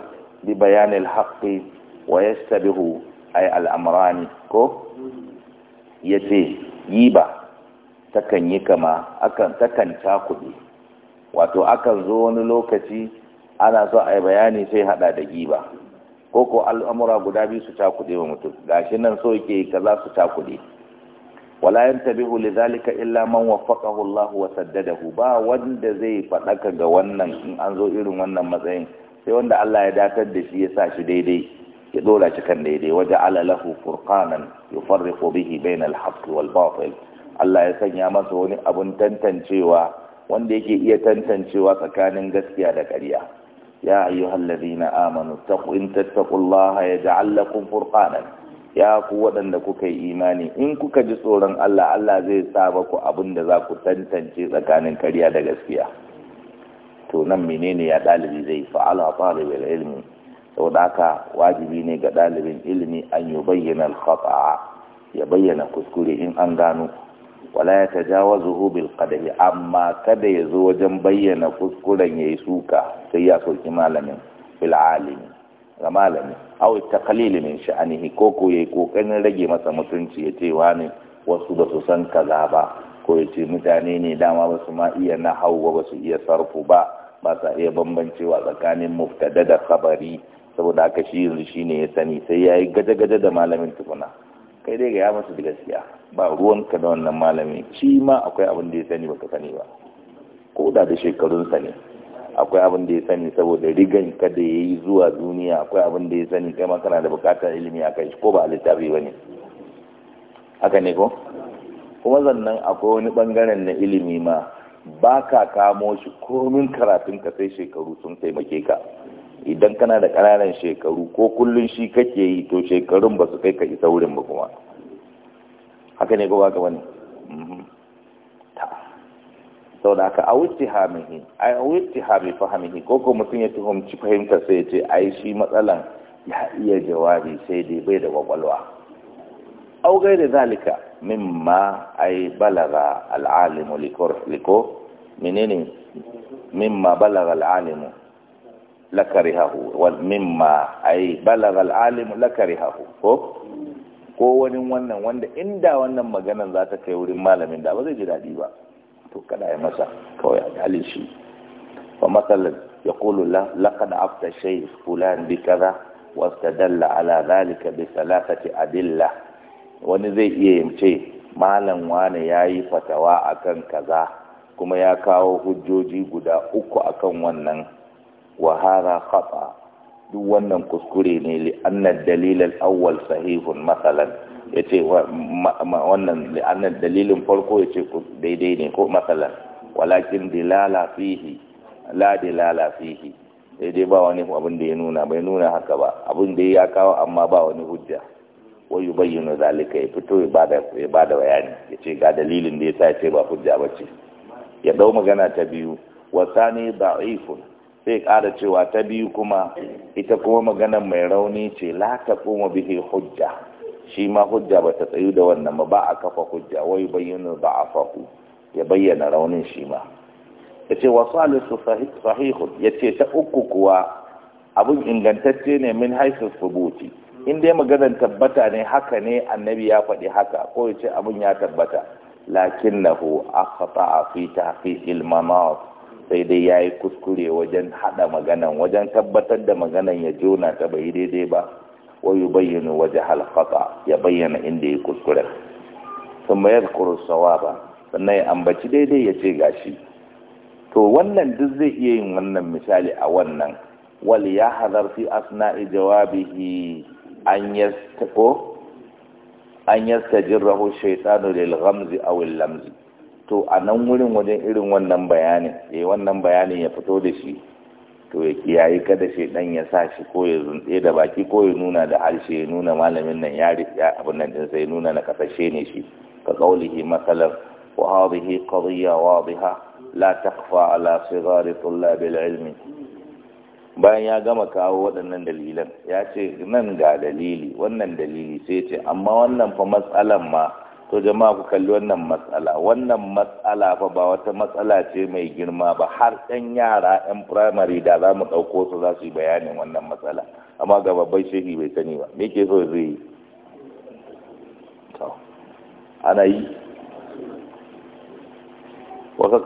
bi bayanin haƙƙi wa ya sabihu ai al'amurani ko ya ce yi takan yi kama akan takan cakuɗe wato akan zo wani lokaci ana so a yi bayani sai hada da giba ko ko al'amura guda biyu su cakuɗe wa mutum gashi nan so yake kaza su cakuɗe wala yantabihu lidhalika illa man waffaqahu Allah wa saddadahu ba wanda zai fadaka ga wannan in an zo irin wannan matsayin sai wanda Allah ya datar da shi ya sa shi daidai ya dora shi kan daidai waje ala lahu furqanan yufarriqu bihi bayna al-haqq wal batil Allah ya sanya masa wani abun tantancewa wanda yake iya tantancewa tsakanin gaskiya da ƙarya ya ayyuhallazina amanu taqu in tattaqullaha yaj'al lakum furqanan ya ku waɗanda kuka yi imani in kuka ji tsoron Allah Allah zai sa ku abin da za ku tantance tsakanin karya da gaskiya to nan menene ya ɗalibi zai fa'ala talibul ilmi saboda haka wajibi ne ga ɗalibin ilimi an yi bayyana al-khata'a ya bayyana kuskure in an gano wala ya tajawazuhu bil qadari amma kada ya zo wajen bayyana kuskuren yayi suka sai ya soki malamin bil alimi ga malami ta kalili min sha'anihi ko ko yayi kokarin rage masa mutunci ya ce wani wasu ba su san kaza ba ko ya ce mutane ne dama ba su ma iya nahawu ba su iya sarfu ba ba sa iya bambancewa tsakanin muftada da khabari saboda haka shi yanzu shine ya sani sai yayi gaje-gaje da malamin tukuna kai dai ga ya masa da gaskiya ba ruwanka da wannan malami shi ma akwai abin da ya sani baka sani ba ko da da shekarunsa ne akwai abin da ya sani saboda rigan kada ya yi zuwa duniya akwai abin da ya sani kai ma kana da bukatar ilimi a kai ko ba a littafi ba ne haka ne ko kuma sannan akwai wani bangaren na ilimi ma ba ka kamo shi komin karatun ka sai shekaru sun taimake ka idan kana da ƙananan shekaru ko kullum shi kake yi to shekarun ba su kai ka isa wurin ba kuma haka ne ko ba ka wani sau da haka a wuce hamihi a wuce hami fahimihi ko ko mutum ya tuhumci fahimta sai ya ce yi shi matsalan ya iya jawabi sai dai bai da kwakwalwa au gai da zalika mimma yi balaga al'alimu liko menene mimma balaga al'alimu lakari Min ma mimma yi balaga al'alimu hahu ko ko wani wannan wanda inda wannan maganan za ta kai wurin malamin da ba zai ji daɗi ba to kada ya masa kawai a dalil shi fa masalan yaqulu laqad afta shaykh fulan bi kaza wastadalla ala zalika bi salasati adilla wani zai iya yin ce malam ya yayi fatawa akan kaza kuma ya kawo hujjoji guda uku akan wannan wa hadha khata duk wannan kuskure ne li anna dalil al-awwal sahihun masalan ya ce wannan annan dalilin farko ya ce daidai ne ko matsalar walakin dilala fihi la dilala fihi daidai ba wani abin da ya nuna bai nuna haka ba abin da ya kawo amma ba wani hujja wayu bayyana zalika ya fito ya bada bayani ya ce ga dalilin da ya sa ya ce ba hujja ba ce ya dau magana ta biyu wasa ne ba da'ifun sai ƙara cewa ta biyu kuma ita kuma magana mai rauni ce la ta kuma bihi hujja shi ma hujja ba ta tsayu da wannan ba a kafa hujja wai bayyana da'afahu ya bayyana raunin shi ma yace wa salisu sahihun ce ta uku kuwa abin ingantacce ne min haisu subuti in dai maganar tabbata ne haka ne annabi ya faɗi haka ko ce abin ya tabbata Lakin lakinnahu akhta fi tahqiqil sai dai ya yi kuskure wajen haɗa maganan wajen tabbatar da maganan ya jona ta bai daidai ba wa yubayyinu wajhal khata ya bayyana inda ya kuskure thumma yadhkuru sawaba sannan ya ambaci daidai ya ce gashi to wannan duk zai iya yin wannan misali a wannan wal ya hadar fi asna'i jawabihi an yastako an yastajirrahu shaytanu lil ghamzi aw al lamzi to a nan wurin wajen irin wannan bayanin eh wannan bayanin ya fito da shi to ya kiyaye kada ɗan ya sa shi ko ya zunde da baki ko ya nuna da harshe ya nuna malamin nan ya riya abin nan din sai nuna na kasashe ne shi ka qaulihi masalan wa hadhihi qadiyya wadiha la takfa, ala sigar tullab alilm bayan ya gama kawo waɗannan dalilan ya ce nan ga dalili wannan dalili sai ce amma wannan fa matsalan ma to jama'a ku kalli wannan matsala wannan matsala fa ba wata matsala ce mai girma ba har ɗan yara 'yan firamare da za mu ɗauko su za su yi bayanin wannan matsala amma ga babban shehi bai sani ba me ke so zai yi ana yi wasa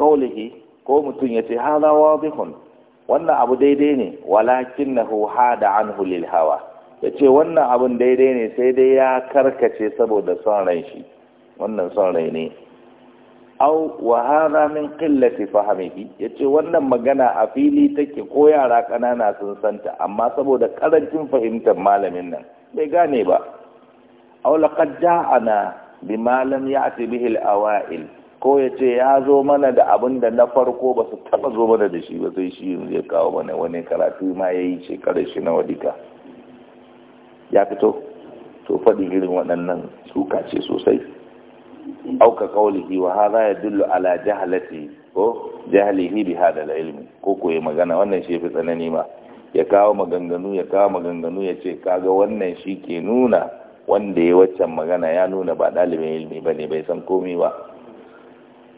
ko mutum ya ce hada bihun wannan abu daidai ne walakin na da an hulil hawa ya ce wannan abun daidai ne sai dai ya karkace saboda son ran shi wannan son rai ne au wa hada min qillati fahmihi yace wannan magana a fili take ko yara ƙanana sun santa amma saboda karancin fahimtar malamin nan bai gane ba au laqad ja'ana bima lam ya'ti bihi al-awa'il ko yace ce ya zo mana da abin da na farko ba su taba zo mana da shi ba sai shi yanzu ya kawo mana wani karatu ma ya yi shekarar shi na wadika ya fito to faɗi irin waɗannan suka ce sosai أو كقوله وهذا يدل على جهلته ko jahilihi bi hadal ilmi ko ko ya magana wannan shi fi tsanani ma ya kawo maganganu ya kawo maganganu ya ce kaga wannan shi ke nuna wanda ya waccan magana ya nuna ba dalibin ilmi ba ne bai san komi ba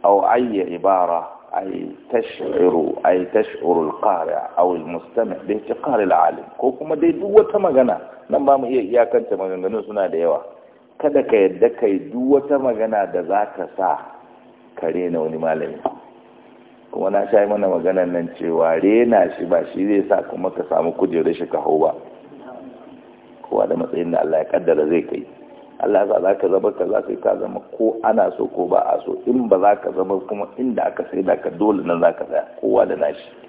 au ayya ibara ay tashuru ay tash'uru alqari' aw almustami' bi i'tiqar alalim ko kuma dai duk wata magana nan ba mu iya iyakance maganganun suna da yawa kada ka yadda ka yi duk wata magana da za ka sa ka rena wani malami kuma na sha mana maganan nan cewa rena shi ba shi zai sa kuma ka samu kujerar shi ka hau ba kowa da matsayin da Allah ya kaddara zai kai Allah za za ka zama ka za ka zama ko ana so ko ba a so in ba za ka zama kuma inda aka sai da ka dole nan za ka zaya kowa da nashi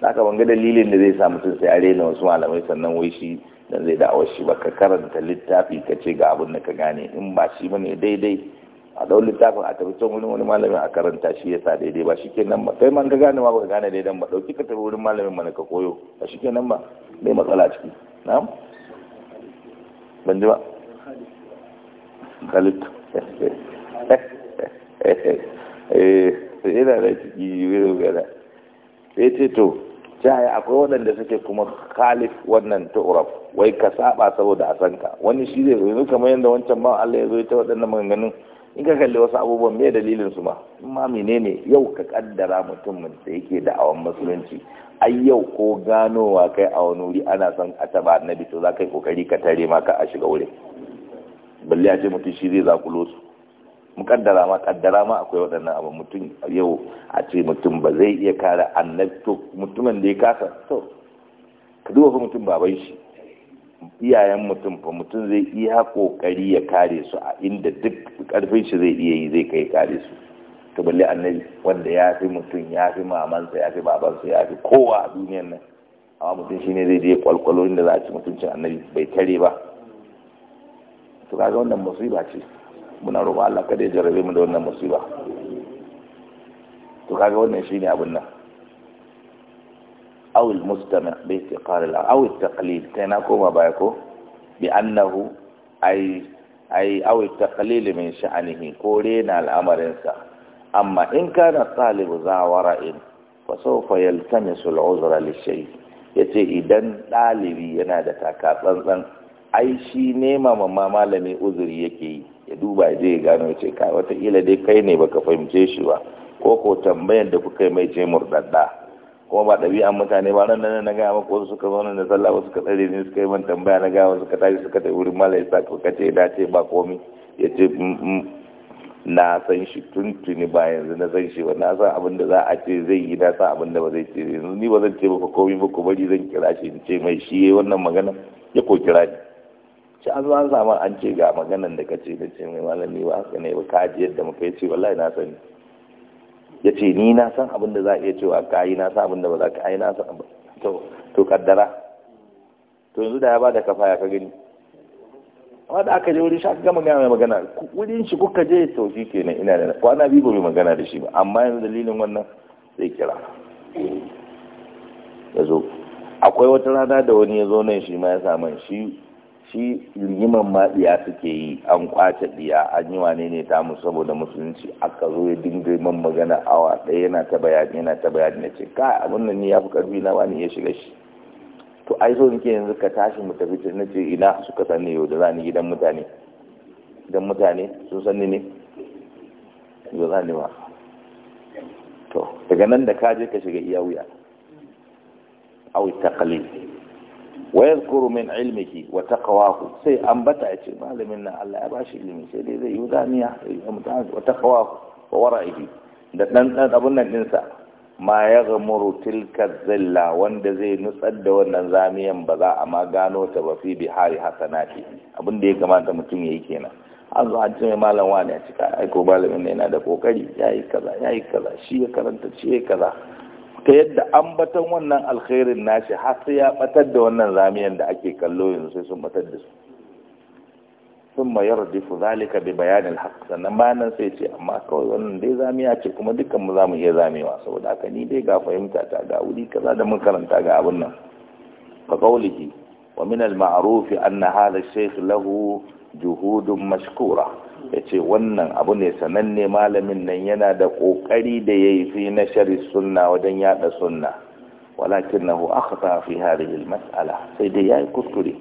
saka banga dalilin da zai sa mutum sai a rena wasu malamai sannan wai shi dan zai da shi ba ka karanta littafi ka ce ga abin da ka gane in ba shi bane daidai a dau littafin a tafi can wani malamin a karanta shi yasa daidai ba shi kenan ba kai man ka gane ma ba ka gane daidan ba dauki ka tafi wani malamin mana ka koyo ba shi kenan ba mai matsala ciki na'am ban ji ba khalid eh eh da ciki eh eh sai ce to jaya akwai waɗanda suke kuma khalif wannan tu'raf wai ka saba saboda a san ka wani shi zai zo kamar yadda wancan ba Allah ya zo ta waɗannan maganganun in ka kalli wasu abubuwan me dalilin su ma ma menene yau ka kaddara mutumin da yake da awan musulunci ai yau ko ganowa kai a wani wuri ana son a taba annabi to za ka yi kokari ka tare maka a shiga wurin balle a ce mutum shi zai zakulo su mukaddara ma kaddara ma akwai waɗannan abu mutum yau a ce mutum ba zai iya kare annabi to mutumin da ya kasa to ka duba fa mutum baban shi iyayen mutum fa mutum zai iya kokari ya kare su a inda duk karfin shi zai iya yi zai kai kare su to balle annabi wanda ya fi mutum ya fi mamansa ya fi babansa ya fi kowa a duniyar nan amma mutum shine zai je kwalkwalo inda za a ci mutuncin annabi bai tare ba to kaga wannan musiba ce muna roƙon Allah kada ya jarrabe mu da wannan musiba to kaga wannan shine abin nan aw al mustami' bi istiqar al aw al taqlid kai na koma baya ko bi annahu ay ay aw al taqlil min sha'nihi ko rena amarin sa amma in kana talibu zawara'in fa sawfa yaltamisu al uzra li shay yace idan dalibi yana da takatsantsan ai shi nema ma malami uzuri yake yi ya duba ya je ya gano ya ce kai wataƙila dai kai ne baka fahimce shi ba ko ko tambayar da kuka yi mai ce murɗaɗɗa kuma ba ɗabi'an mutane ba nan na gaya maka wasu suka nan da sallah wasu suka tsare ne suka yi man tambaya na gaya wasu suka tashi suka tafi wurin malai sa ka ce da ce ba komi ya ce mm, mm, na san shi tuntuni ba yanzu na san shi ba na san abin da za a ce zai yi na san abin da ba zai ce yanzu ni ba zan ce ba komi ba ko bari zan kira shi in ce mai shi yayi wannan magana ya ko kira shi. ci an zuwa samu an ce ga maganan da kace da ce mai malami ba haka ne ba ka ji yadda muka ce wallahi na sani ya ce ni na san abin da za a iya cewa ka yi na san abin da ba za ka yi na san to to kaddara to yanzu da ya ba da kafa ya ka gani amma da aka je wuri shi aka gama gaya mai magana wurin shi kuka je to shi kenan ina da kwana biyu ba mai magana da shi ba amma yanzu dalilin wannan zai kira ya zo akwai wata rana da wani ya zo nan shi ma ya samu shi shi rigiman ma suke yi an kwace diya an yi wane ne ta mu saboda musulunci aka zo ya dinga man magana awa ɗaya yana ta bayani yana ta bayani na ce ka abin nan ni ya fi karfi na wani ya shiga shi to ai so nake yanzu ka tashi mu tafi na ce ina suka sani yau da za ni gidan mutane gidan mutane sun sani ne yau za ni ma to daga nan da ka je ka shiga iya wuya wuta takalil wayazkuru kurumin min ilmihi wa taqwahu sai ambata ya ce malamin nan Allah ya bashi ilimi sai dai zai yi zaniya wa taqwahu wa wara'ihi da dan dan abun nan sa ma ya gamuru tilka zilla wanda zai nutsar da wannan zamiyan ba za a ma gano ta ba fi bihari hasanati abin da ya kamata mutum yayi kenan an zo an ce malam wani a cika aiko malamin yana da kokari ya kaza yayi kaza shi ya karanta shi ya kaza ta yadda an batan wannan alkhairin nashi har sai ya batar da wannan zamiyar da ake kallo yanzu sai sun batar da su sun ma yardifu zalika bi bayanin haqq sannan bayanan sai ce amma kawai wannan dai zamiya ce kuma dukkan mu zamu iya zamewa saboda haka ni dai ga fahimta ta ga wuri kaza da mun karanta ga abin nan fa qawlihi wa min al-ma'ruf anna hadha ash-shaykh lahu juhudun mashkura ya ce wannan abu ne sananne malamin nan yana da ƙoƙari da ya yi fi na shari sunna wajen yada sunna walakin na aka fi hari mas'ala sai dai ya yi kuskure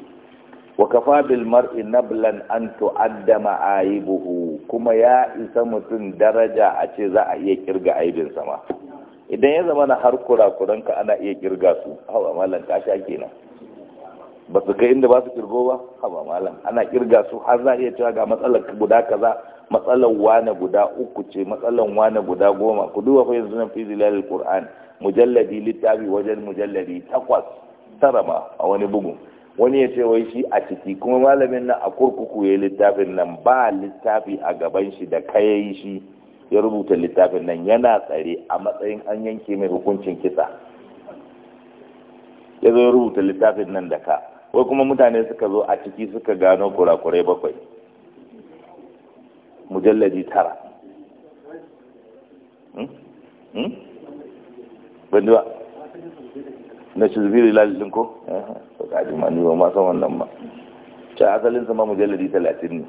wa kafa bil mar'i nablan an tu'adda ma'aibuhu kuma ya isa mutum daraja a ce za a iya kirga aibin sama idan ya zama na har kura-kuranka ana iya kirga su hawa malan kasha kenan ba su kai inda ba su kirgo ba haba malam ana kirga su har za iya cewa ga matsalar guda kaza matsalar wane guda uku ce matsalar wane guda goma ku duba fa yanzu nan fi mujalladi littafi wajen mujalladi takwas tara ma a wani bugun wani ya ce wai shi a ciki kuma malamin nan a kurkuku ya littafin nan ba littafi a gaban shi da yi shi ya rubuta littafin nan yana tsare a matsayin an yanke mai hukuncin kisa ya zo ya rubuta littafin nan da ka Ko kuma mutane suka zo a ciki suka gano kurakurai bakwai mujalladi tara hmm? hmm? bandi na shuzbiri lalilin ko ya eh, ka ma mani ba masu wannan ba ce asalin sama mujalladi talatin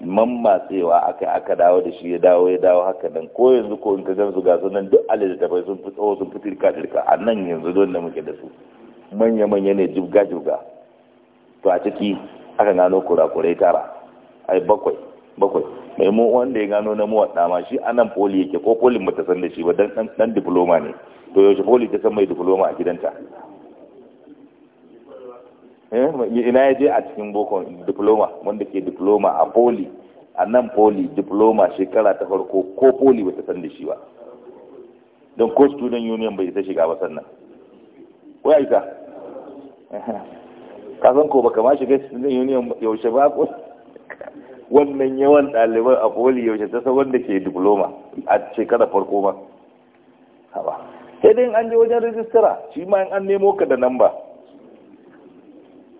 ne man matsewa aka aka dawo da shi ya dawo ya dawo haka nan ko yanzu ko in ka gansu ga nan duk alil da bai sun fito sun fitirka dirka a nan yanzu don da muke da su manya manya ne jibga jibga to a ciki aka gano kurakurai tara ai bakwai bakwai mai mu wanda ya gano na wadda ma shi anan poli yake ko polin mu ta san da shi ba dan dan diploma ne to yaushe poli ta san mai diploma a gidanta eh ina ya je a cikin boko diploma wanda ke diploma a poli a nan poli diploma shekara ta farko ko poli ba ta san da shi ba don ko student union bai ta shiga ba sannan ko ya isa ka san ko baka ma shiga cikin union yaushe ba ko wannan yawan ɗaliban a koli yaushe ta wanda ke diploma a shekara farko ba haba sai dai an je wajen rijistara shi ma an nemo ka da namba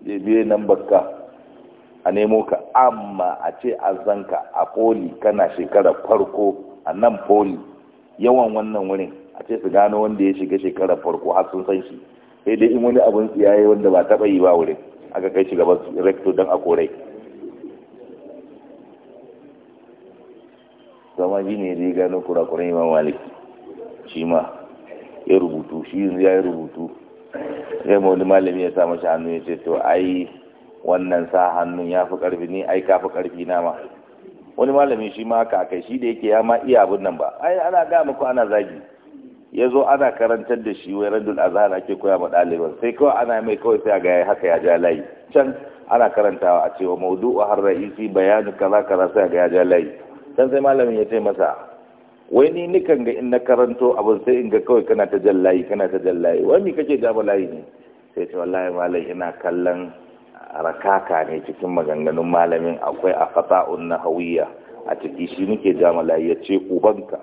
dai biye number ka a nemo ka amma a ce a zanka a koli kana shekara farko a nan poli yawan wannan wurin a ce su gano wanda ya shiga shekara farko har sun san shi sai dai in wani abin tsiyaye wanda ba taɓa yi ba wuri aka kai shi gaban rector don a korai zama ji ne zai gano kurakuran imam malik shi ma ya rubutu shi yanzu ya yi rubutu zai ma wani malami ya sa mashi hannu ya ce to ai wannan sa hannun ya fi ƙarfi ni ai ka fi ƙarfi na ma wani malami shi ma haka kai shi da yake ya ma iya abin nan ba ai ana ga muku ana zagi ya zo ana karantar da shi wai radul azhar ake koya ma ɗaliban sai kawai ana mai kawai sai ga haka ya ja layi can ana karantawa a cewa maudu'u har ra'isi bayanu kaza kaza sai ga ya ja layi can sai malamin ya ce masa wai ni nikan ga in na karanto abin sai in ga kawai kana ta jan layi kana ta jan layi wai me kake ja layi ne sai ce wallahi malam ina kallon rakaka ne cikin maganganun malamin akwai a fasa'un nahawiyya a ciki shi muke jamala ya ce ubanka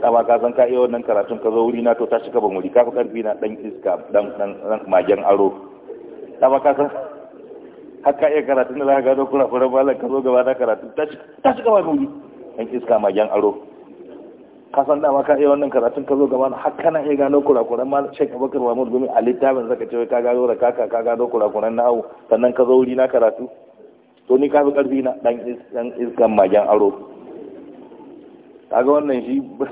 dama ka san ka iya wannan karatun ka zo wuri na to ta shiga ban wuri ka fi karfi na dan iska dan dan magen aro dama ka san haka iya karatun da za ka gano kurakuran malam ka zo gaba na karatun ta shiga ban wuri dan iska magen aro ka san dama ka iya wannan karatun ka zo gaba har kana iya gano kura ma shek abakar mahmud gumi a littafin zaka ce ka gado da kaka ka kura kura na awu sannan ka zo wuri na karatu to ni kafi karfi na dan iskan magen aro kaga wannan shi ba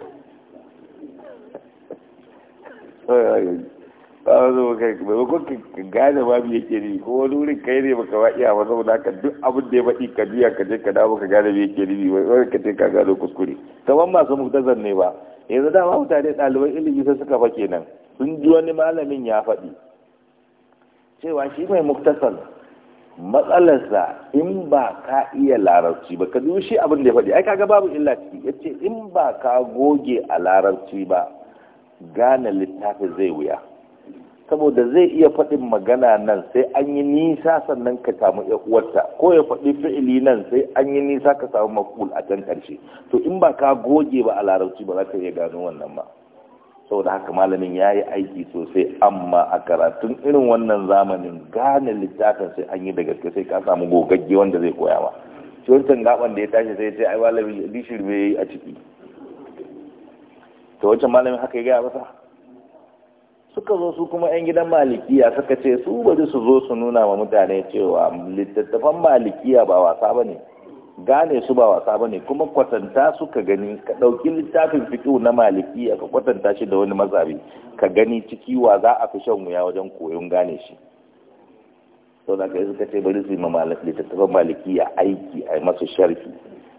zo kai ba ko ka gane babu yake ne ko wani wurin kai ne baka ba iya ba saboda ka duk abin da ya faɗi ka biya ka je ka dawo ka gane me yake ne ba wai ka je ka gano kuskure kamar masu muktazar ne ba yanzu dama mutane ɗaliban ilimi sai suka fa kenan sun ji wani malamin ya faɗi cewa shi mai muktasar matsalarsa in ba ka iya larabci ba ka biyu shi abin da ya faɗi ai ga babu illa ciki ya ce in ba ka goge a larabci ba gane littafi zai wuya saboda zai iya faɗin magana nan sai an yi nisa sannan ka samu uwarta ko ya faɗi fi'ili nan sai an yi nisa ka samu makul a can karshe to in ba ka goge ba a larabci ba za ka iya gano wannan ba saboda haka malamin ya yi aiki sosai amma a karatun irin wannan zamanin gane littafin sai an yi da gaske sai ka samu gogagge wanda zai koya ba shi gaban da ya tashi sai sai ai malami bishir bai yi a ciki to wancan malamin haka ya gaya masa suka zo su kuma yan gidan malikiya suka ce su bari su zo su nuna wa mutane cewa littattafan malikiya ba wasa ba ne gane su ba wasa bane kuma kwatanta su ka gani ka ɗauki littafin fiƙo na maliki ka kwatanta shi da wani mazhabi ka gani ciki wa za a fi shan wuya wajen koyon gane shi sau da kai suka ce bari su yi ma littattafan a aiki a masu sharfi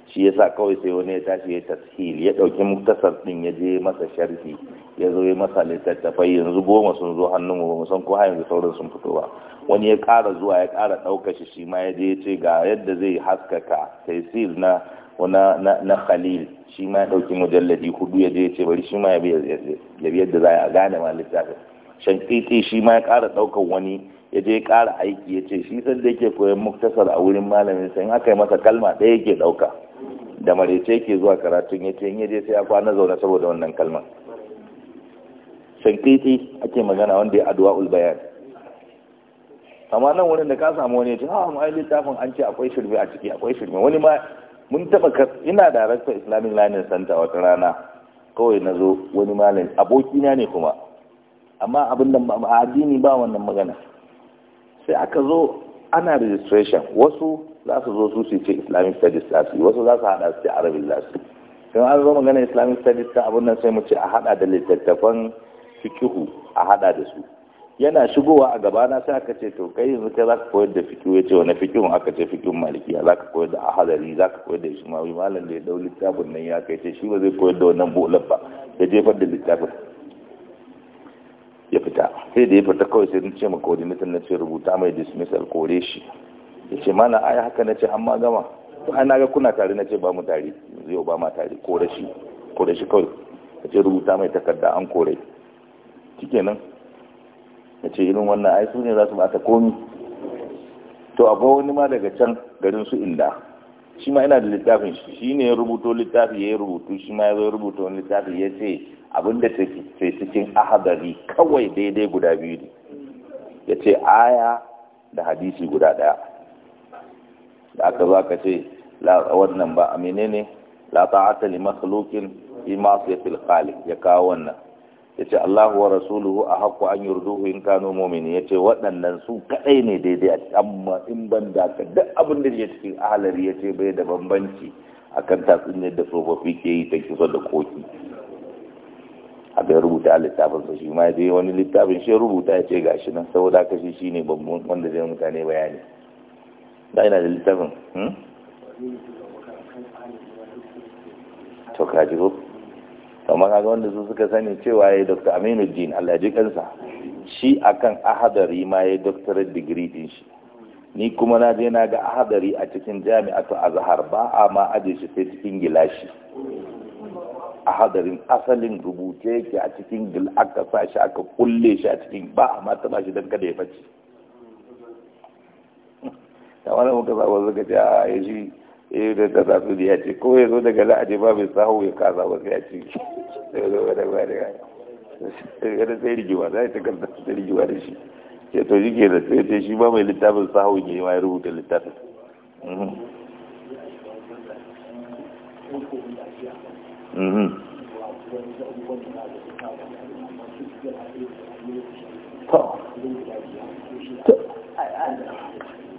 shi yasa kawai sai wani ya tashi ya tashi ya ɗauki muktasar ɗin ya je masa sharfi ya zo ya masa littattafai yanzu goma sun zo hannun mu san ko har yanzu saurin sun fito ba wani ya ƙara zuwa ya ƙara ɗauka shi shi ma ya je ce ga yadda zai haskaka taisir na na na khalil shi ma ya ɗauki mujalladi hudu ya je ce bari shi ma ya bi yadda za a gane ma littafin kiti shi ma ya ƙara ɗaukar wani ya je ƙara aiki ya ce shi sanda yake koyon muktasar a wurin malamin sai aka yi masa kalma ɗaya yake ɗauka da marece yake zuwa karatun ya ce in ya je sai ya kwana zaune saboda wannan kalmar sankiti ake magana wanda ya aduwa ulbayan amma nan wurin da ka samu wani ya ce ha ah, ma'ai littafin an ce akwai shirme a ciki akwai shirme wani ma mun taɓa ina darakta islamic learning center wata rana kawai na zo wani malami abokina ne kuma amma abin da a addini ba wannan magana sai aka zo ana registration wasu za su zo su su ce islamic studies lasi wasu za su hada su ce arabic lasi sai an zo magana islamic studies ta abin nan sai mu ce a hada da littattafan fikihu a hada da su yana shigowa a gabana sai aka ce to kai yanzu kai zaka koyar da fikihu ya ce wani fikihun aka ce fikihun malikiya zaka koyar da ahadari zaka koyar da ishmawi malam da ya dau littafin nan ya kai ce shi ba zai koyar da wannan bolar ba ya jefar da littafin ya fita sai da ya fita kawai sai ce ma coordinator na ce rubuta mai dismissal kore shi ya ce mana ai haka na ce amma gama to ai naga kuna tare na ce ba mu tare yau ba ma tare kore shi kore shi kawai ya ce rubuta mai takarda an kore nan ya ce irin wannan ai su ne za su bata komi to akwai wani ma daga can garin su inda shi ma ina da littafin shi shi ne ya rubuto littafi ya yi rubutu shi ma ya zo rubuta wani littafi ya ce abinda ke cikin ahadari kawai daidai guda biyu ne ya ce aya da hadisi guda daya da aka zo aka ce wannan ba a menene la ta'ata li makhluqin fi khaliq ya kawo wannan yace Allahu wa rasuluhu a haqqu an yurduhu in kanu mu'minin yace waɗannan su kadai ne daidai amma in ban da ka duk abin da yake cikin ahalari yace bai da bambanci akan tatsunyar da tsofaffi ke yi ta kisa da koki a ya rubuta a littafin sa shi ma dai wani littafin shi rubuta ya ce gashi nan saboda haka shi shine babban wanda zai mutane bayani da ina da littafin hmm? to kaji kamar haka wanda su suka sani cewa ya yi dr Aminu jin ji kansa shi akan ahadari ma ya yi doctorate degree din shi ni kuma na je na ga ahadari a cikin jami'atu zahar ba a ma aje shi sai cikin gilashi ahadarin asalin rubuce yake a cikin gil aka sa shi aka kulle shi a cikin ba a mata ba shi don kada ya faci ta wani muka sa wanzu ka ce a ya shi eh da ta su ya ce ko ya zo daga la'aje ba mai sahu ya kasa ba sai ya ce sai zo wani ba da ya sai rigiwa za ta ta rigiwa da shi ce to shi ke da sai ce shi ba mai littafin sahu ne ma ya rubuta littafin mhm. Mhm. to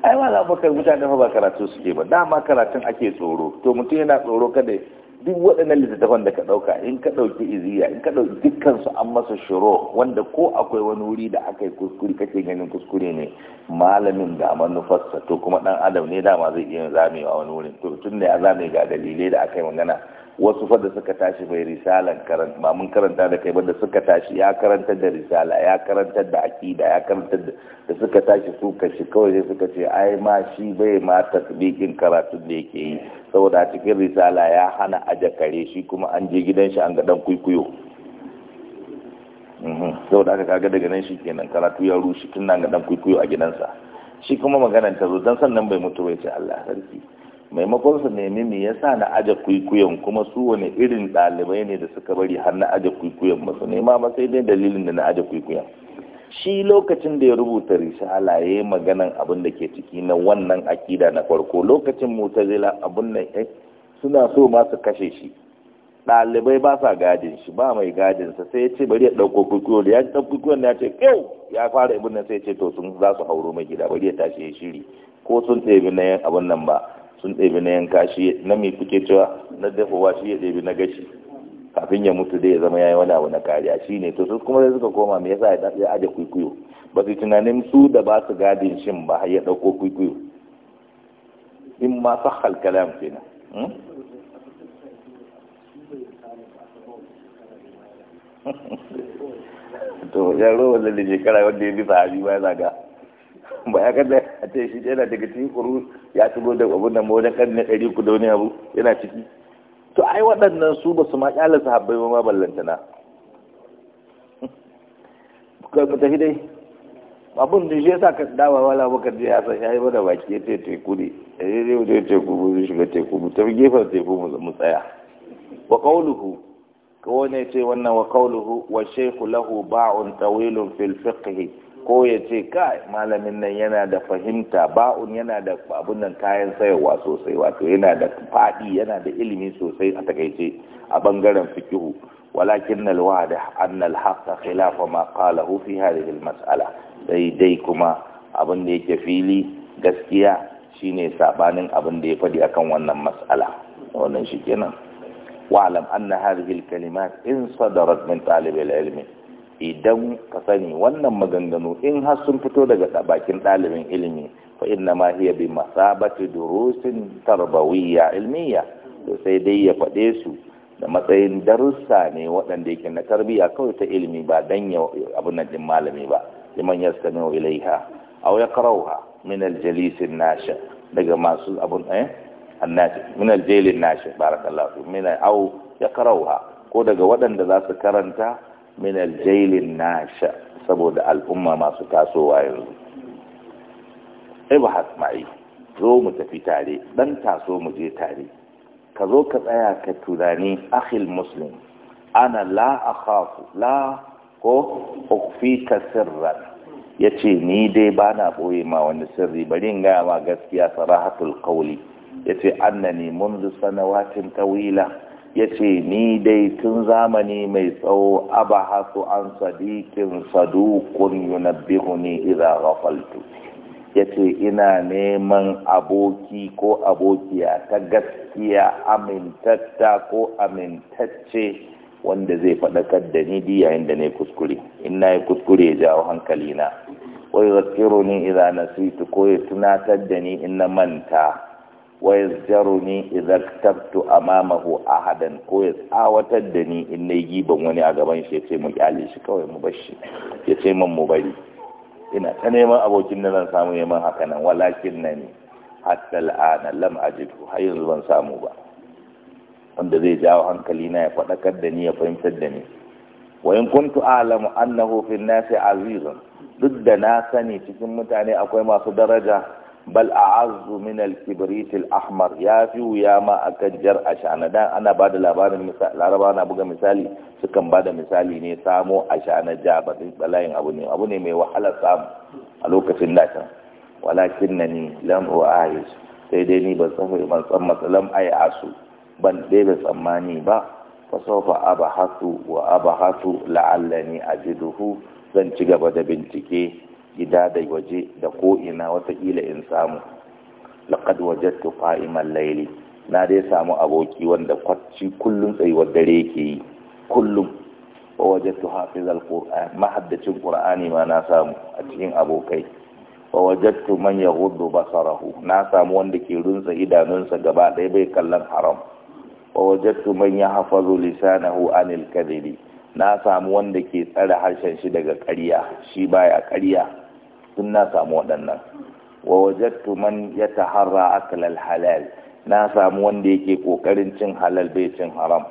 ai ma kai mutane ba karatu suke ba dama karatun ake tsoro to mutum yana tsoro kada duk waɗannan littattafan da ka ɗauka in ka ɗauki iziya in ka ɗauki dukkansu an masa shiro wanda ko akwai wani wuri da aka yi kuskure kake ganin kuskure ne malamin da manufarsa to kuma ɗan adam ne dama zai iya zamewa wani wurin to tun da ya zame ga dalilai da aka yi magana wasu fa da suka tashi mai risalan karanta ba mun karanta da kai Banda suka tashi ya karantar da risala ya karantar da akida ya karantar da suka tashi su kashi kawai sai suka ce ai ma shi bai ma tasbikin karatun da yake yi saboda cikin risala ya hana aja kare shi kuma an je gidan shi an ga dan kuikuyo mhm. saboda aka kaga daga nan shi kenan karatu ya rushe tun nan ga dan kuikuyo a gidansa shi kuma maganar ta zo dan sannan bai mutu bai ce Allah sarki maimakon su nemi me yasa na aje kuikuyan kuma su wani irin dalibai ne da suka bari har na aje kuikuyan masu nema ba sai dai dalilin da na aje kuikuyan shi lokacin da ya rubuta risala ya yi maganan abin da ke ciki na wannan akida na farko lokacin mutazila abin nan eh suna so ma kashe shi dalibai ba sa gadin shi ba mai gadin sa sai ya ce bari ya dauko kuikuyo da ya ɗauko kuikuyon ya ce kyau ya fara ibin nan sai ya ce to sun za su hauro mai gida bari ya tashi ya shiri ko sun tsebi na yan abin nan ba sun ɗebi na yanka shi na mai kuke cewa na dafawa shi ya ɗebi na gashi kafin ya mutu dai ya zama yayi wani abu na kariya shi ne to sun kuma suka koma me yasa ya ajiye kuikuyo ba su tunanin su da ba su gadin shin ba har ya ɗauko kuikuyo in ma halkala kalam hmm? to ya rowa lalle shekara wanda ya bi sahabi ba ya zaga ba ya kada a ce shi yana daga cikin kuru ya shigo da abun nan wajen karni ɗari ku da wani abu yana ciki to ai waɗannan su ba su ma ƙyala sahabbai ba ma ballantana kai mu tafi dai abun da shi yasa ka dawa wala baka je ya san yayi bada baki ya ce teku ne eh zai wuce teku mu shiga teku mu tafi gefen teku mu tsaya wa qawluhu ko ne ce wannan wa qawluhu wa shaykhu lahu ba'un tawilun fil fiqh ko ya ce kai malamin nan yana da fahimta ba'un yana da abun nan kayan sayarwa sosai wato yana da faɗi yana da ilimi sosai a takaice a bangaren fikihu walakin na alwada an alhaqa khilafa ma qalahu fi hadhihi almas'ala dai dai kuma abin da yake fili gaskiya shine sabanin abin da ya faɗi akan wannan mas'ala wannan shikenan wa'lam anna hadhihi alkalimat in sadarat min talib alilmi idan ka sani wannan maganganu in har sun fito daga bakin ɗalibin ilimi fa inna ma hiya bi masabati durusin tarbawiyya ilmiya to sai dai ya faɗe su da matsayin darussa ne waɗanda yake na tarbiyya kawai ta ilimi ba dan ya abun nan din malami ba liman yastamiu ilaiha aw yaqra'uha min al-jalis nasha daga masu abun eh annati min aljalin jail nasha barakallahu min aw yaqra'uha ko daga waɗanda za su karanta min aljailin nasha saboda al'umma masu tasowa yanzu ibhas ma'i zo mu tafi tare dan taso mu je tare ka zo ka tsaya ka tunani akhil muslim ana la akhafu la ko ukhfika sirran yace ni dai bana boye ma wani sirri bari in gaya ma gaskiya sarahatul qawli yace annani na sanawatin tawila ya ce ni dai tun zamani mai tsawo abahasu an sadikin sadukun yunabbihuni idza ghafaltu ya ce ina neman aboki ko abokiya ta gaskiya amintatta ko amintacce wanda zai faɗakar da ni yayin da na kuskure in na yi kuskure ya jawo hankalina wai zakiruni idza nasitu ko ya tunatar da ni in na manta wa ni idza ktabtu amamahu ahadan ko ya tsawatar da ni in nayi giban wani a gaban shi sai mu kyale shi kawai mu ya yace man mu bari ina ta neman abokin da zan samu yaman haka nan walakin nani hatta al'ana lam ajidu har yanzu ban samu ba wanda zai jawo hankali na ya faɗakar da ni ya fahimtar da ni wa in kuntu a'lamu annahu fi nasi azizun duk da na sani cikin mutane akwai masu daraja bal a min al-kibrit ahmar ya fi wuya ma kan jar ashana dan ana bada labarin laraba na buga misali sukan ba da misali ne samo ashana ja badin balayin abu ne abu ne mai wahala samu a lokacin da can walakinnani lam u'ayish sai dai ni ban san ban san matsalan ai asu ban dai ban tsammani ba fa sawfa abahasu wa abahasu la'allani ajiduhu zan ci gaba da bincike gida da waje da ko'ina watakila in samu laƙad wajen tufa iman laili na dai samu aboki wanda kwacci kullum tsayuwar dare ke yi kullum wa wajen hafiz fi mahaddacin ƙur'ani ma na samu a cikin abokai wa wajen man ya hudu basarahu na samu wanda ke runtsa idanunsa gaba ɗaya bai kallon haram wa wajen tuman ya hafazu lisanahu anil kadhibi na samu wanda ke tsare harshen shi daga ƙarya shi baya ƙarya Sun na samu waɗannan wa wajattu man yataharra akalal halal na samu wanda yake kokarin cin halal bai cin haram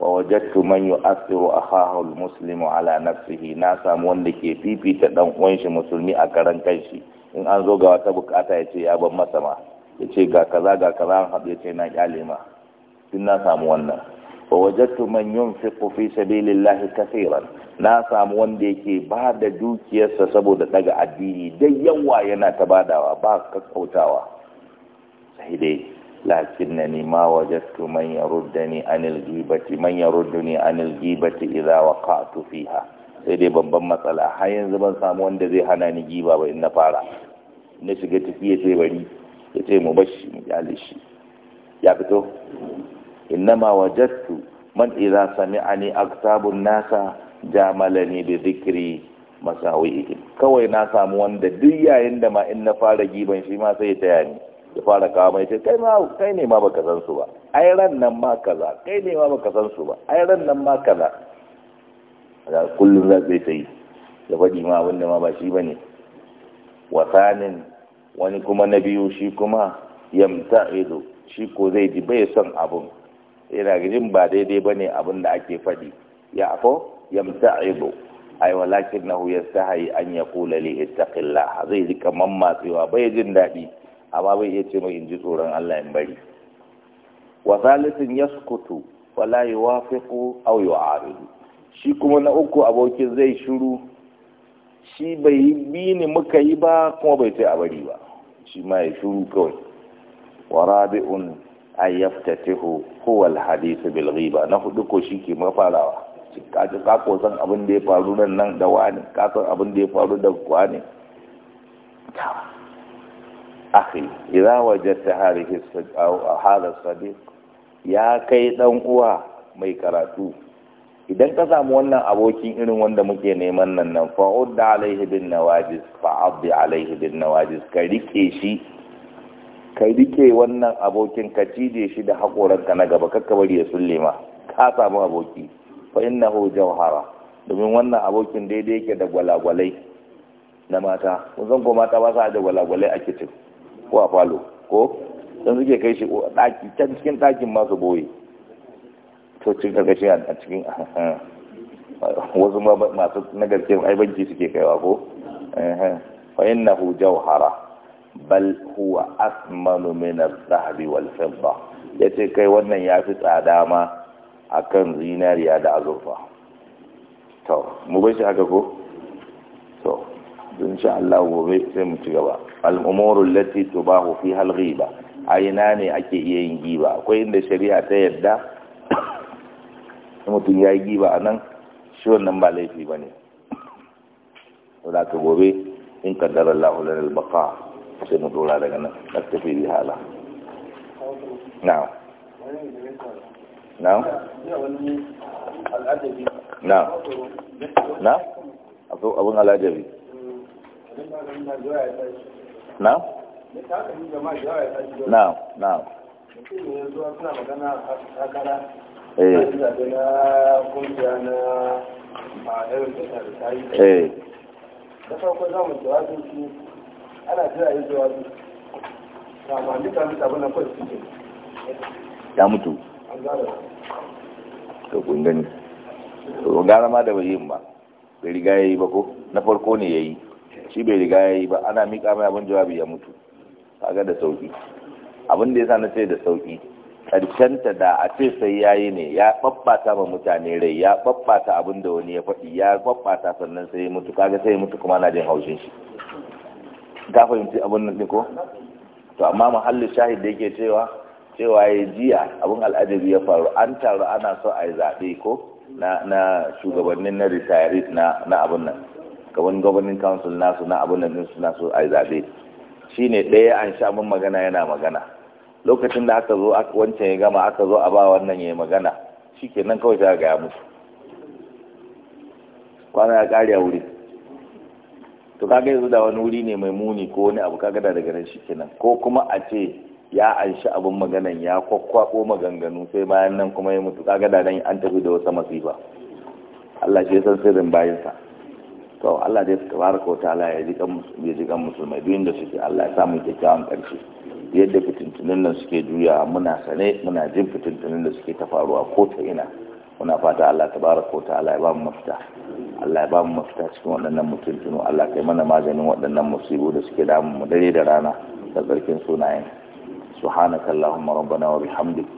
wa wajattu man yu'athiru akahu almuslimu ala nafsihi na samu wanda ke fifita dan uwan shi musulmi a karan kanshi in an zo ga wata bukata ya ce ya ban masa ma ya ce ga kaza ga kaza an haɗu ya ce na kyale ma duk na samu wannan wa man yunfiqu fi sabilillahi kaseeran na samu wanda yake ba da dukiyarsa saboda daga addini dai yawa yana ta badawa ba kakkautawa sai dai ni ma wajattu man yaruddani anil ghibati man yarudduni anil ghibati idza waqa'tu fiha sai dai babban matsala har yanzu ban samu wanda zai hana ni giba ba in na fara na shiga tafiye sai bari ya mu bashi mu kyale ya fito innama wajadtu man idza sami'ani aktabun nasa jamalani bi dhikri masawihim kawai na samu wanda duk yayin da ma in na fara giban shi ma sai ya taya ni ya fara kawo mai kai ma kai ne ma baka san su ba ai ran nan ma kaza kai ne ma baka san su ba ai ran nan ma kaza da kullum za zai sai ya faɗi ma abin da ma ba shi bane wasanin wani kuma na biyu shi kuma yamta'idu shi ko zai ji bai son abun yana jin ba daidai bane abin da ake faɗi ya afo yamta'idu ai walakin nahu yastahi an yaqula li ittaqillah zai ji kaman matsewa bai jin daɗi amma bai iya ce mai in tsoron Allah in bari wa thalithin yaskutu wala yuwafiqu aw yu'aridu shi kuma na uku abokin zai shiru shi bai yi bini muka yi ba kuma bai ce a bari ba shi ma ya shiru kawai wa rabi'un ay yaftatihu huwa alhadith bil ghiba na hudu ko shike mafarawa ka ji ka ko san abin da ya faru nan nan da wani ka san abin da ya faru da wani akhi idza wajadta hadhihi hadha sadiq ya kai dan uwa mai karatu idan ka samu wannan abokin irin wanda muke neman nan nan fa'udda alaihi bin nawajis fa'addi alaihi bin nawajis ka rike shi ka rike wannan abokin ka cije shi da haƙoranka na gaba kakka bari ya sulle ma ka samu aboki fa innahu jawhara domin wannan abokin daidai yake da gwalagwalai na mata mun san ko mata ba sa da gwalagwalai a kitchen ko a falo ko dan suke kai shi daki can cikin dakin masu boye to cikin shi a cikin wasu masu nagarkin ai banki suke kaiwa ko fa innahu jawhara bal huwa asmanu min az-zahabi wal fidda yace kai wannan yafi tsada ma akan zinariya da azurfa to mu bai shi haka ko to insha Allah gobe sai mu ci gaba al-umuru allati tubahu fiha al-ghiba aina ne ake iya yin giba akwai inda shari'a ta yadda mutum ya yi giba a nan shi wannan ba laifi ba ne. Wadda ka gobe in kaddara Allah lana al sai mu dora daga nan na tafi bi hala na na na na abin alajabi na na na eh eh ana ya mutu to kun gani to gara ma da bai yin ba bai riga yayi ba ko na farko ne yayi shi bai riga yayi ba ana mika mai abin jawabi ya mutu kaga da sauki abin da yasa na ce da sauki karshenta da a ce sai ya yi ne ya babbata ma mutane rai ya babbata abin da wani ya faɗi ya babbata sannan sai ya mutu kaga sai ya mutu kuma na jin haushin shi ka fahimci abin nan ko to amma muhallin shahid da yake cewa cewa ya jiya abin al'ajabi ya faru an taru ana so a yi zaɓe ko na shugabannin na retirees na abin nan gaban governing council nasu na abin nan su nasu a yi zaɓe shi ne ɗaya an sha min magana yana magana lokacin da aka zo wancan ya gama aka zo a ba wannan ya yi magana shi kenan kawai ta gaya musu kwana ya ƙari a wuri to kaga yanzu da wani wuri ne mai muni ko wani abu kaga da daga nan kenan ko kuma a ce ya anshi abin maganan ya kwakwako maganganu sai bayan nan kuma ya mutu kaga da nan an tafi da wata masifa Allah shi san sirrin bayansa to Allah dai tabaraka wa ta'ala ya ji kan ya ji kan musulmai duk inda suke Allah ya samu kyakkyawan karshe yadda fitintunan nan suke juya muna sane muna jin fitintunan da suke ta faruwa ko ta ina muna fata Allah ta bara kota Allah ya ba mu mafita Allah ya bamu mu mafita cikin waɗannan mutuntunu. Allah kai mana maganin waɗannan musibu da suke damun mu dare da rana da tsarkin sunayen subhanakallahumma rabbana wa bihamdika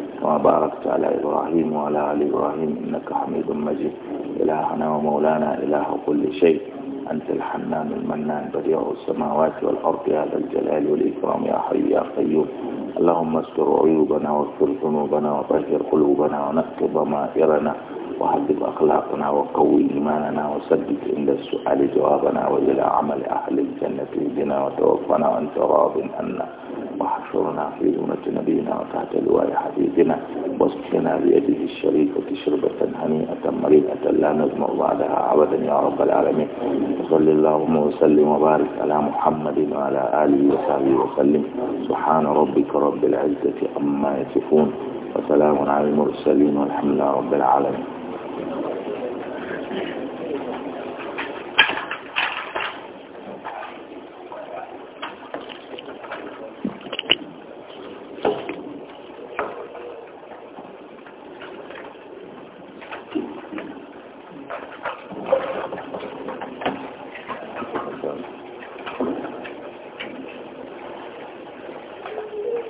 وباركت على إبراهيم وعلى آل إبراهيم إنك حميد مجيد إلهنا ومولانا إله كل شيء أنت الحنان المنان بديع السماوات والأرض يا ذا الجلال والإكرام يا حي يا قيوم اللهم استر عيوبنا واستر ذنوبنا وطهر قلوبنا ونكب ضمائرنا وحدد أخلاقنا وقوي إيماننا وسدد عند السؤال جوابنا وإلى عمل أهل الجنة بنا وتوفنا وأنت راض عنا وحشرنا في ذمة نبينا وتحت لواء حبيبنا واسقنا بيده الشريفة شربة هنيئة مريئة لا نزمع بعدها أبدا يا رب العالمين وصل اللهم وسلم وبارك على محمد وعلى آله وصحبه وسلم سبحان ربك رب العزة عما يصفون وسلام على المرسلين والحمد لله رب العالمين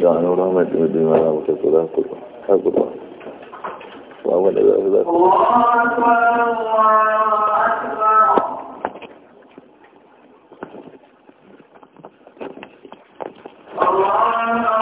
يعني ورحمة الدين ورحمة الله كله حق الله وأول إذا أخذ الله أكبر